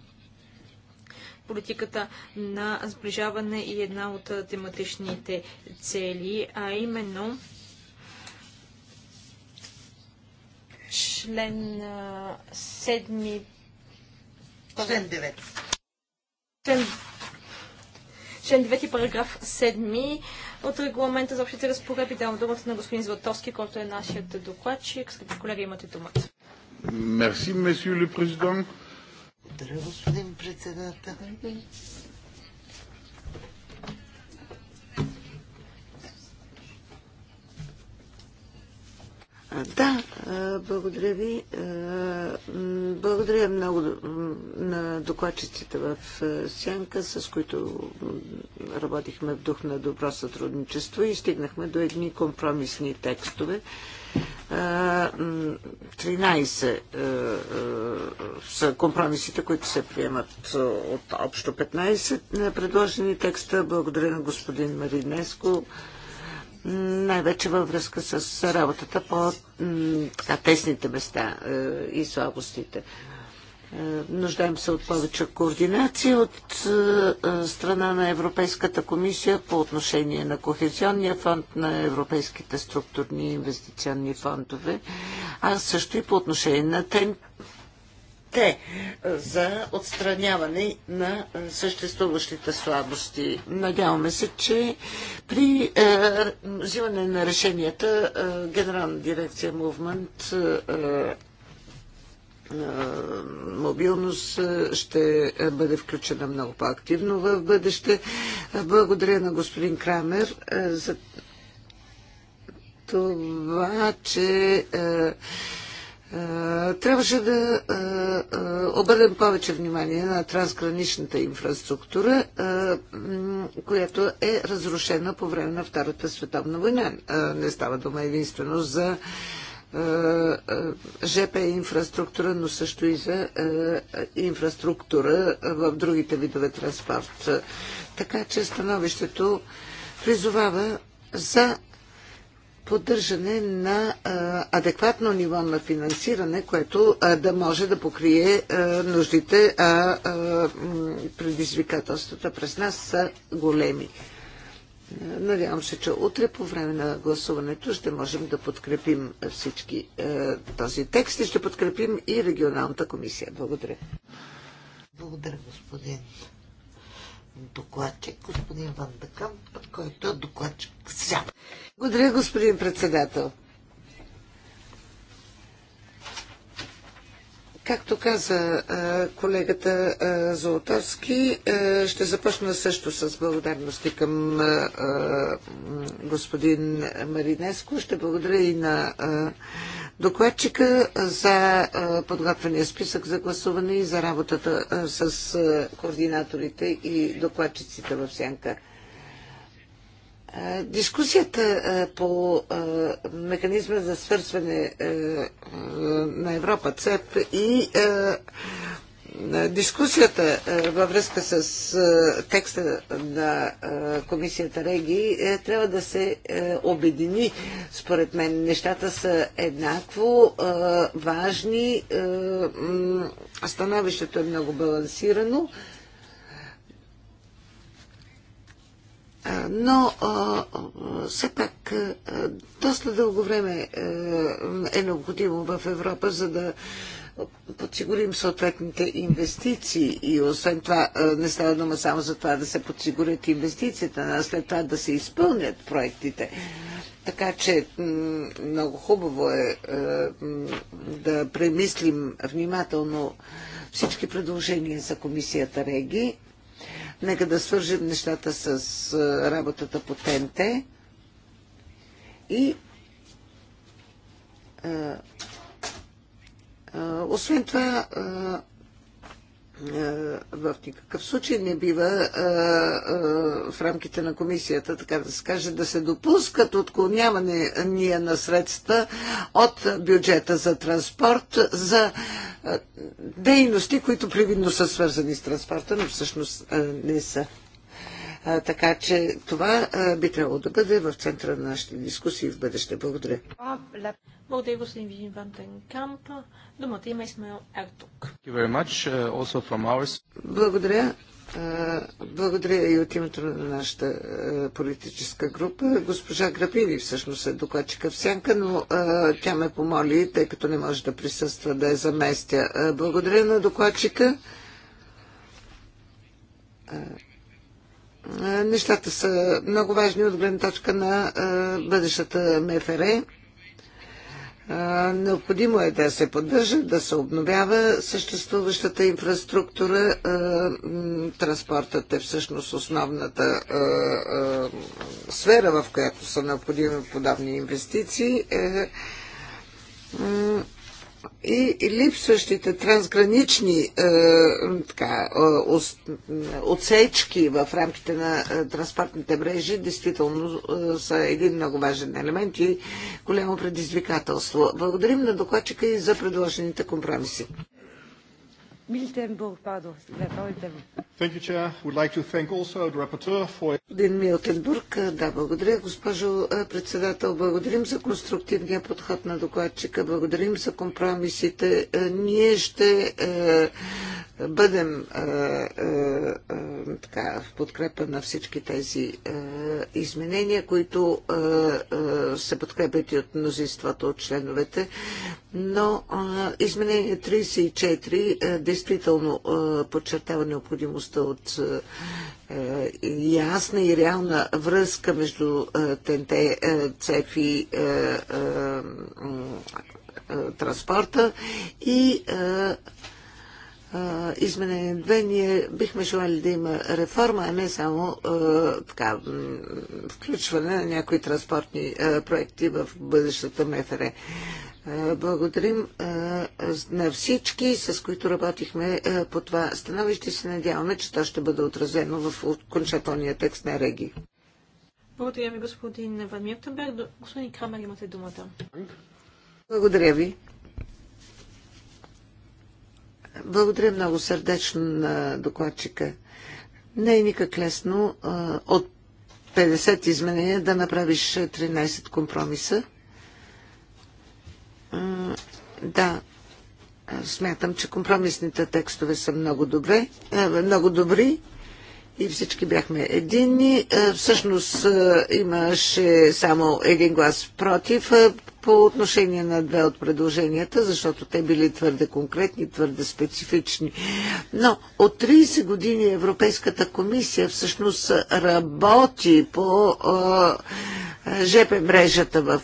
политиката на сближаване и една от тематичните цели, а именно член 7. Член 9. Член 9 параграф 7 от регламента за общите разпоредби. Давам думата на господин Златовски, който е нашият докладчик. Скъпи колеги, имате думата. Мерси, месио ли президент. Благодаря, господин председател. Да, благодаря ви. Благодаря много на докладчиците в Сянка, с които работихме в дух на добро сътрудничество и стигнахме до едни компромисни текстове. 13 са компромисите, които се приемат от общо 15 предложени текста. Благодаря на господин Маринеско най-вече във връзка с работата по така, тесните места и слабостите. Е, нуждаем се от повече координация от е, е, страна на Европейската комисия по отношение на Кохезионния фонд, на Европейските структурни инвестиционни фондове, а също и по отношение на ТНТ те за отстраняване на съществуващите слабости. Надяваме се, че при взимане на решенията Генерална дирекция Мувмент мобилност ще бъде включена много по-активно в бъдеще. Благодаря на господин Крамер за това, че трябваше да обърнем повече внимание на трансграничната инфраструктура, която е разрушена по време на Втората световна война. Не става дума единствено за е, е, ЖП е инфраструктура, но също и за инфраструктура в другите видове транспорт. Така че становището призовава за поддържане на адекватно ниво на финансиране, което да може да покрие нуждите, а предизвикателствата през нас са големи. Надявам се, че утре по време на гласуването ще можем да подкрепим всички е, този текст и ще подкрепим и регионалната комисия. Благодаря. Благодаря, господин докладчик, господин Ван Дакам, който е докладчик сега. Благодаря, господин председател. Както каза колегата Золотовски, ще започна също с благодарности към господин Маринеско. Ще благодаря и на докладчика за подготвения списък за гласуване и за работата с координаторите и докладчиците в Сянка. Дискусията по механизма за свързване на Европа, ЦЕП и дискусията във връзка с текста на комисията Реги е, трябва да се е, обедини. Според мен нещата са еднакво важни. Становището е много балансирано. но все пак доста дълго време е необходимо в Европа, за да подсигурим съответните инвестиции и освен това не става дума само за това да се подсигурят инвестициите, а след това да се изпълнят проектите. Така че много хубаво е да премислим внимателно всички предложения за комисията Реги Нека да свържим нещата с работата по ТНТ и освен това е, в никакъв случай не бива е, е, в рамките на комисията, така да се каже, да се допускат отклоняване ние на средства от бюджета за транспорт за дейности, които привидно са свързани с транспорта, но всъщност не са. Така че това би трябвало да бъде в центъра на нашите дискусии в бъдеще. Благодаря. Благодаря, господин Вин Вантен Камп. Думата има Исмаил Ертук. Uh, благодаря. Uh, благодаря и от името на нашата uh, политическа група. Госпожа Грапили всъщност е докладчика в сянка, но тя ме помоли, тъй като не може да присъства, да я заместя. Благодаря на докладчика. Нещата са много важни от гледна точка на бъдещата МФР. Необходимо е да се поддържа, да се обновява съществуващата инфраструктура. Транспортът е всъщност основната сфера, в която са необходими подобни инвестиции. Е, и липсващите трансгранични е, така, е, отсечки в рамките на е, транспортните мрежи действително е, са един много важен елемент и голямо предизвикателство. Благодарим на докладчика и за предложените компромиси. Miltenburg, pardon. La parole est à vous. Thank you, Chair. Would like to thank also the rapporteur for... Ден Милтенбург, да, благодаря. Госпожо председател, благодарим за конструктивния подход на докладчика, благодарим за компромисите. Ние ще е, бъдем а, а, а, така, в подкрепа на всички тези а, изменения, които а, а, се подкрепят и от мнозинството от членовете, но а, изменение 34 а, действително а, подчертава необходимостта от а, ясна и реална връзка между а, ТНТ, а, ЦЕФ и а, а, транспорта и а, изменение ние бихме желали да има реформа, а не само така, включване на някои транспортни проекти в бъдещата МФР. Благодарим на всички, с които работихме по това становище. Се надяваме, че то ще бъде отразено в окончателния текст на Реги. Благодаря ви, господин Ван Миртенберг. Господин Крамер, имате думата. Благодаря ви. Благодаря много сърдечно на докладчика. Не е никак лесно от 50 изменения да направиш 13 компромиса. Да, смятам, че компромисните текстове са много, добре, много добри и всички бяхме едини. Всъщност имаше само един глас против по отношение на две от предложенията, защото те били твърде конкретни, твърде специфични. Но от 30 години Европейската комисия всъщност работи по ЖП мрежата в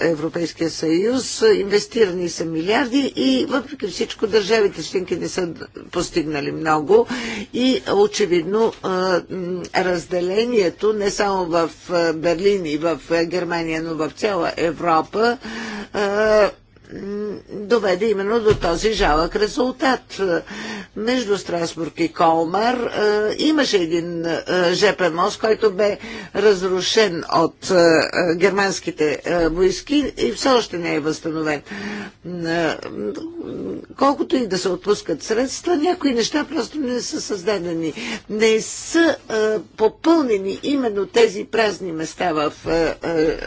Европейския съюз. Инвестирани са милиарди и въпреки всичко държавите членки не са постигнали много и очевидно разделението не само в Берлин и в Германия, но в цяла Европа а, доведе именно до този жалък резултат. Между Страсбург и Колмар имаше един ЖП мост, който бе разрушен от германските войски и все още не е възстановен. Колкото и да се отпускат средства, някои неща просто не са създадени. Не са попълнени именно тези празни места в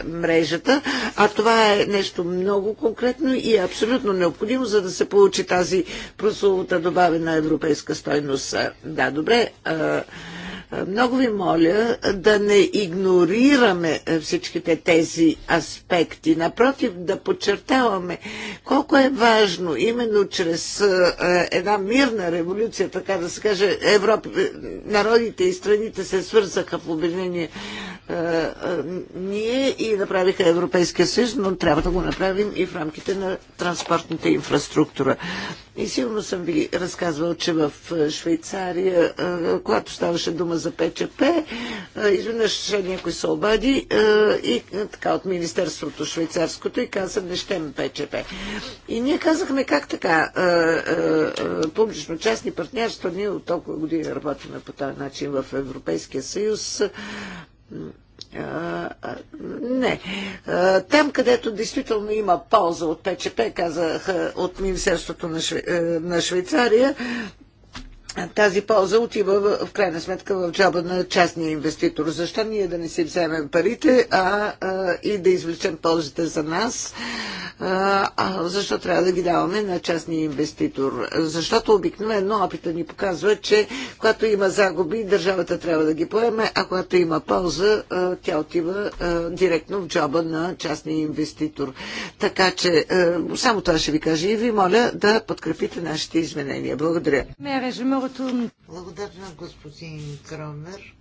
мрежата, а това е нещо много конкретно и е абсолютно необходимо, за да се получи тази прословута добавена европейска стойност. Е, да, добре. а. Много ви моля да не игнорираме е, всичките тези аспекти. Напротив, да подчертаваме колко е важно именно чрез е, е, една мирна революция, така да се каже, Европа, народите и страните се свързаха в обединение ние и направиха Европейския съюз, но трябва да го направим и в рамките на транспортната инфраструктура. И сигурно съм ви разказвал, че в Швейцария, когато ставаше дума за ПЧП. Изведнъж някой се обади и така от Министерството швейцарското и каза, не щем ПЧП. И ние казахме как така публично-частни партньорства, ние от толкова години работиме по този начин в Европейския съюз. А, не. А, там, където действително има полза от ПЧП, казах от Министерството на, Шве... на Швейцария, тази полза отива в, в крайна сметка в джоба на частния инвеститор. Защо ние да не си вземем парите, а, а и да извлечем ползите за нас? А, а, защо трябва да ги даваме на частния инвеститор? Защото обикновено опита ни показва, че когато има загуби, държавата трябва да ги поеме, а когато има полза, а, тя отива а, директно в джоба на частния инвеститор. Така че а, само това ще ви кажа и ви моля да подкрепите нашите изменения. Благодаря. Благодаря, господин Кромер.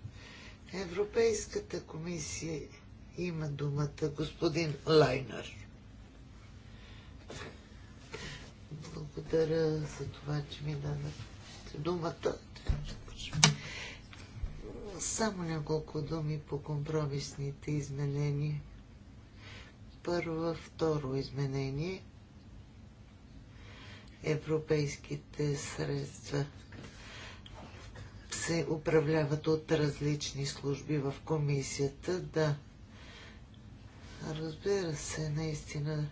Европейската комисия има думата господин Лайнер. Благодаря за това, че ми дадат думата. Само няколко думи по компромисните изменения. Първо, второ изменение. Европейските средства се управляват от различни служби в комисията. Да, разбира се, наистина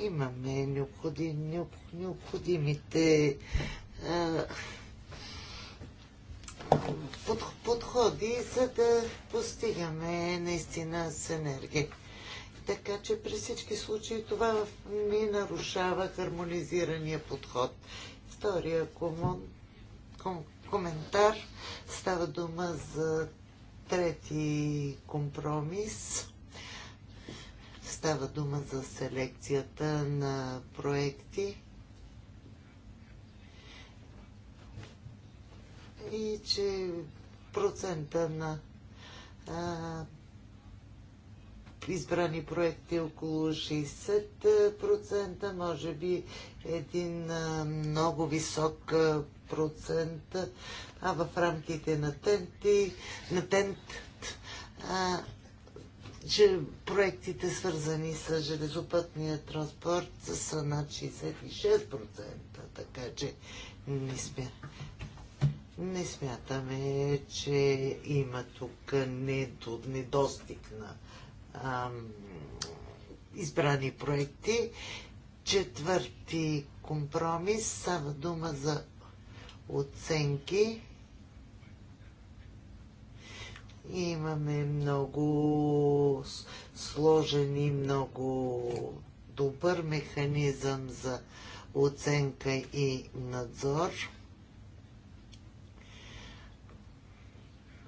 имаме необходим, необ, необходимите а, под, подходи, за да постигаме наистина с енергия. Така че при всички случаи това ни нарушава хармонизирания подход. Втория комон коментар. Става дума за трети компромис. Става дума за селекцията на проекти. И че процента на а, избрани проекти е около 60%, може би един много висок а в рамките на тенти, на тент, а, че проектите свързани с железопътния транспорт са над 66%, така че не смя... Не смятаме, че има тук недостиг на а, избрани проекти. Четвърти компромис става дума за оценки. Имаме много сложен и много добър механизъм за оценка и надзор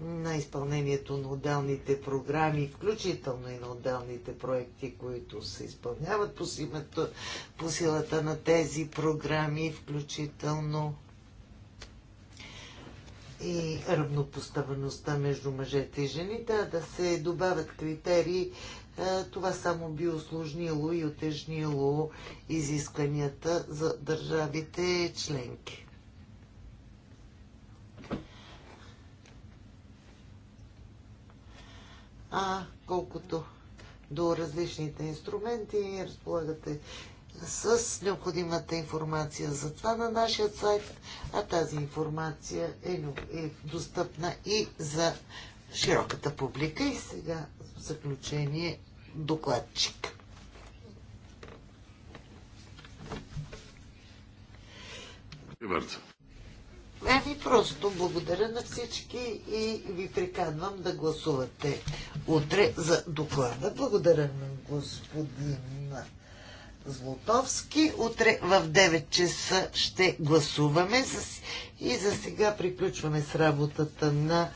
на изпълнението на отделните програми, включително и на отделните проекти, които се изпълняват по, силата, по силата на тези програми, включително и равнопоставеността между мъжете и жените, а да се добавят критерии, това само би осложнило и отежнило изискванията за държавите членки. А колкото до различните инструменти, разполагате с необходимата информация за това на нашия сайт, а тази информация е, е достъпна и за широката публика. И сега в заключение докладчик. Иберт. Ами е, просто благодаря на всички и ви приканвам да гласувате утре за доклада. Благодаря на господина. Злотовски. Утре в 9 часа ще гласуваме и за сега приключваме с работата на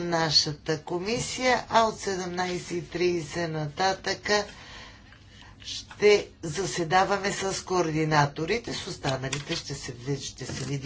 нашата комисия, а от 17.30 нататъка ще заседаваме с координаторите, с останалите ще се, ще се видим.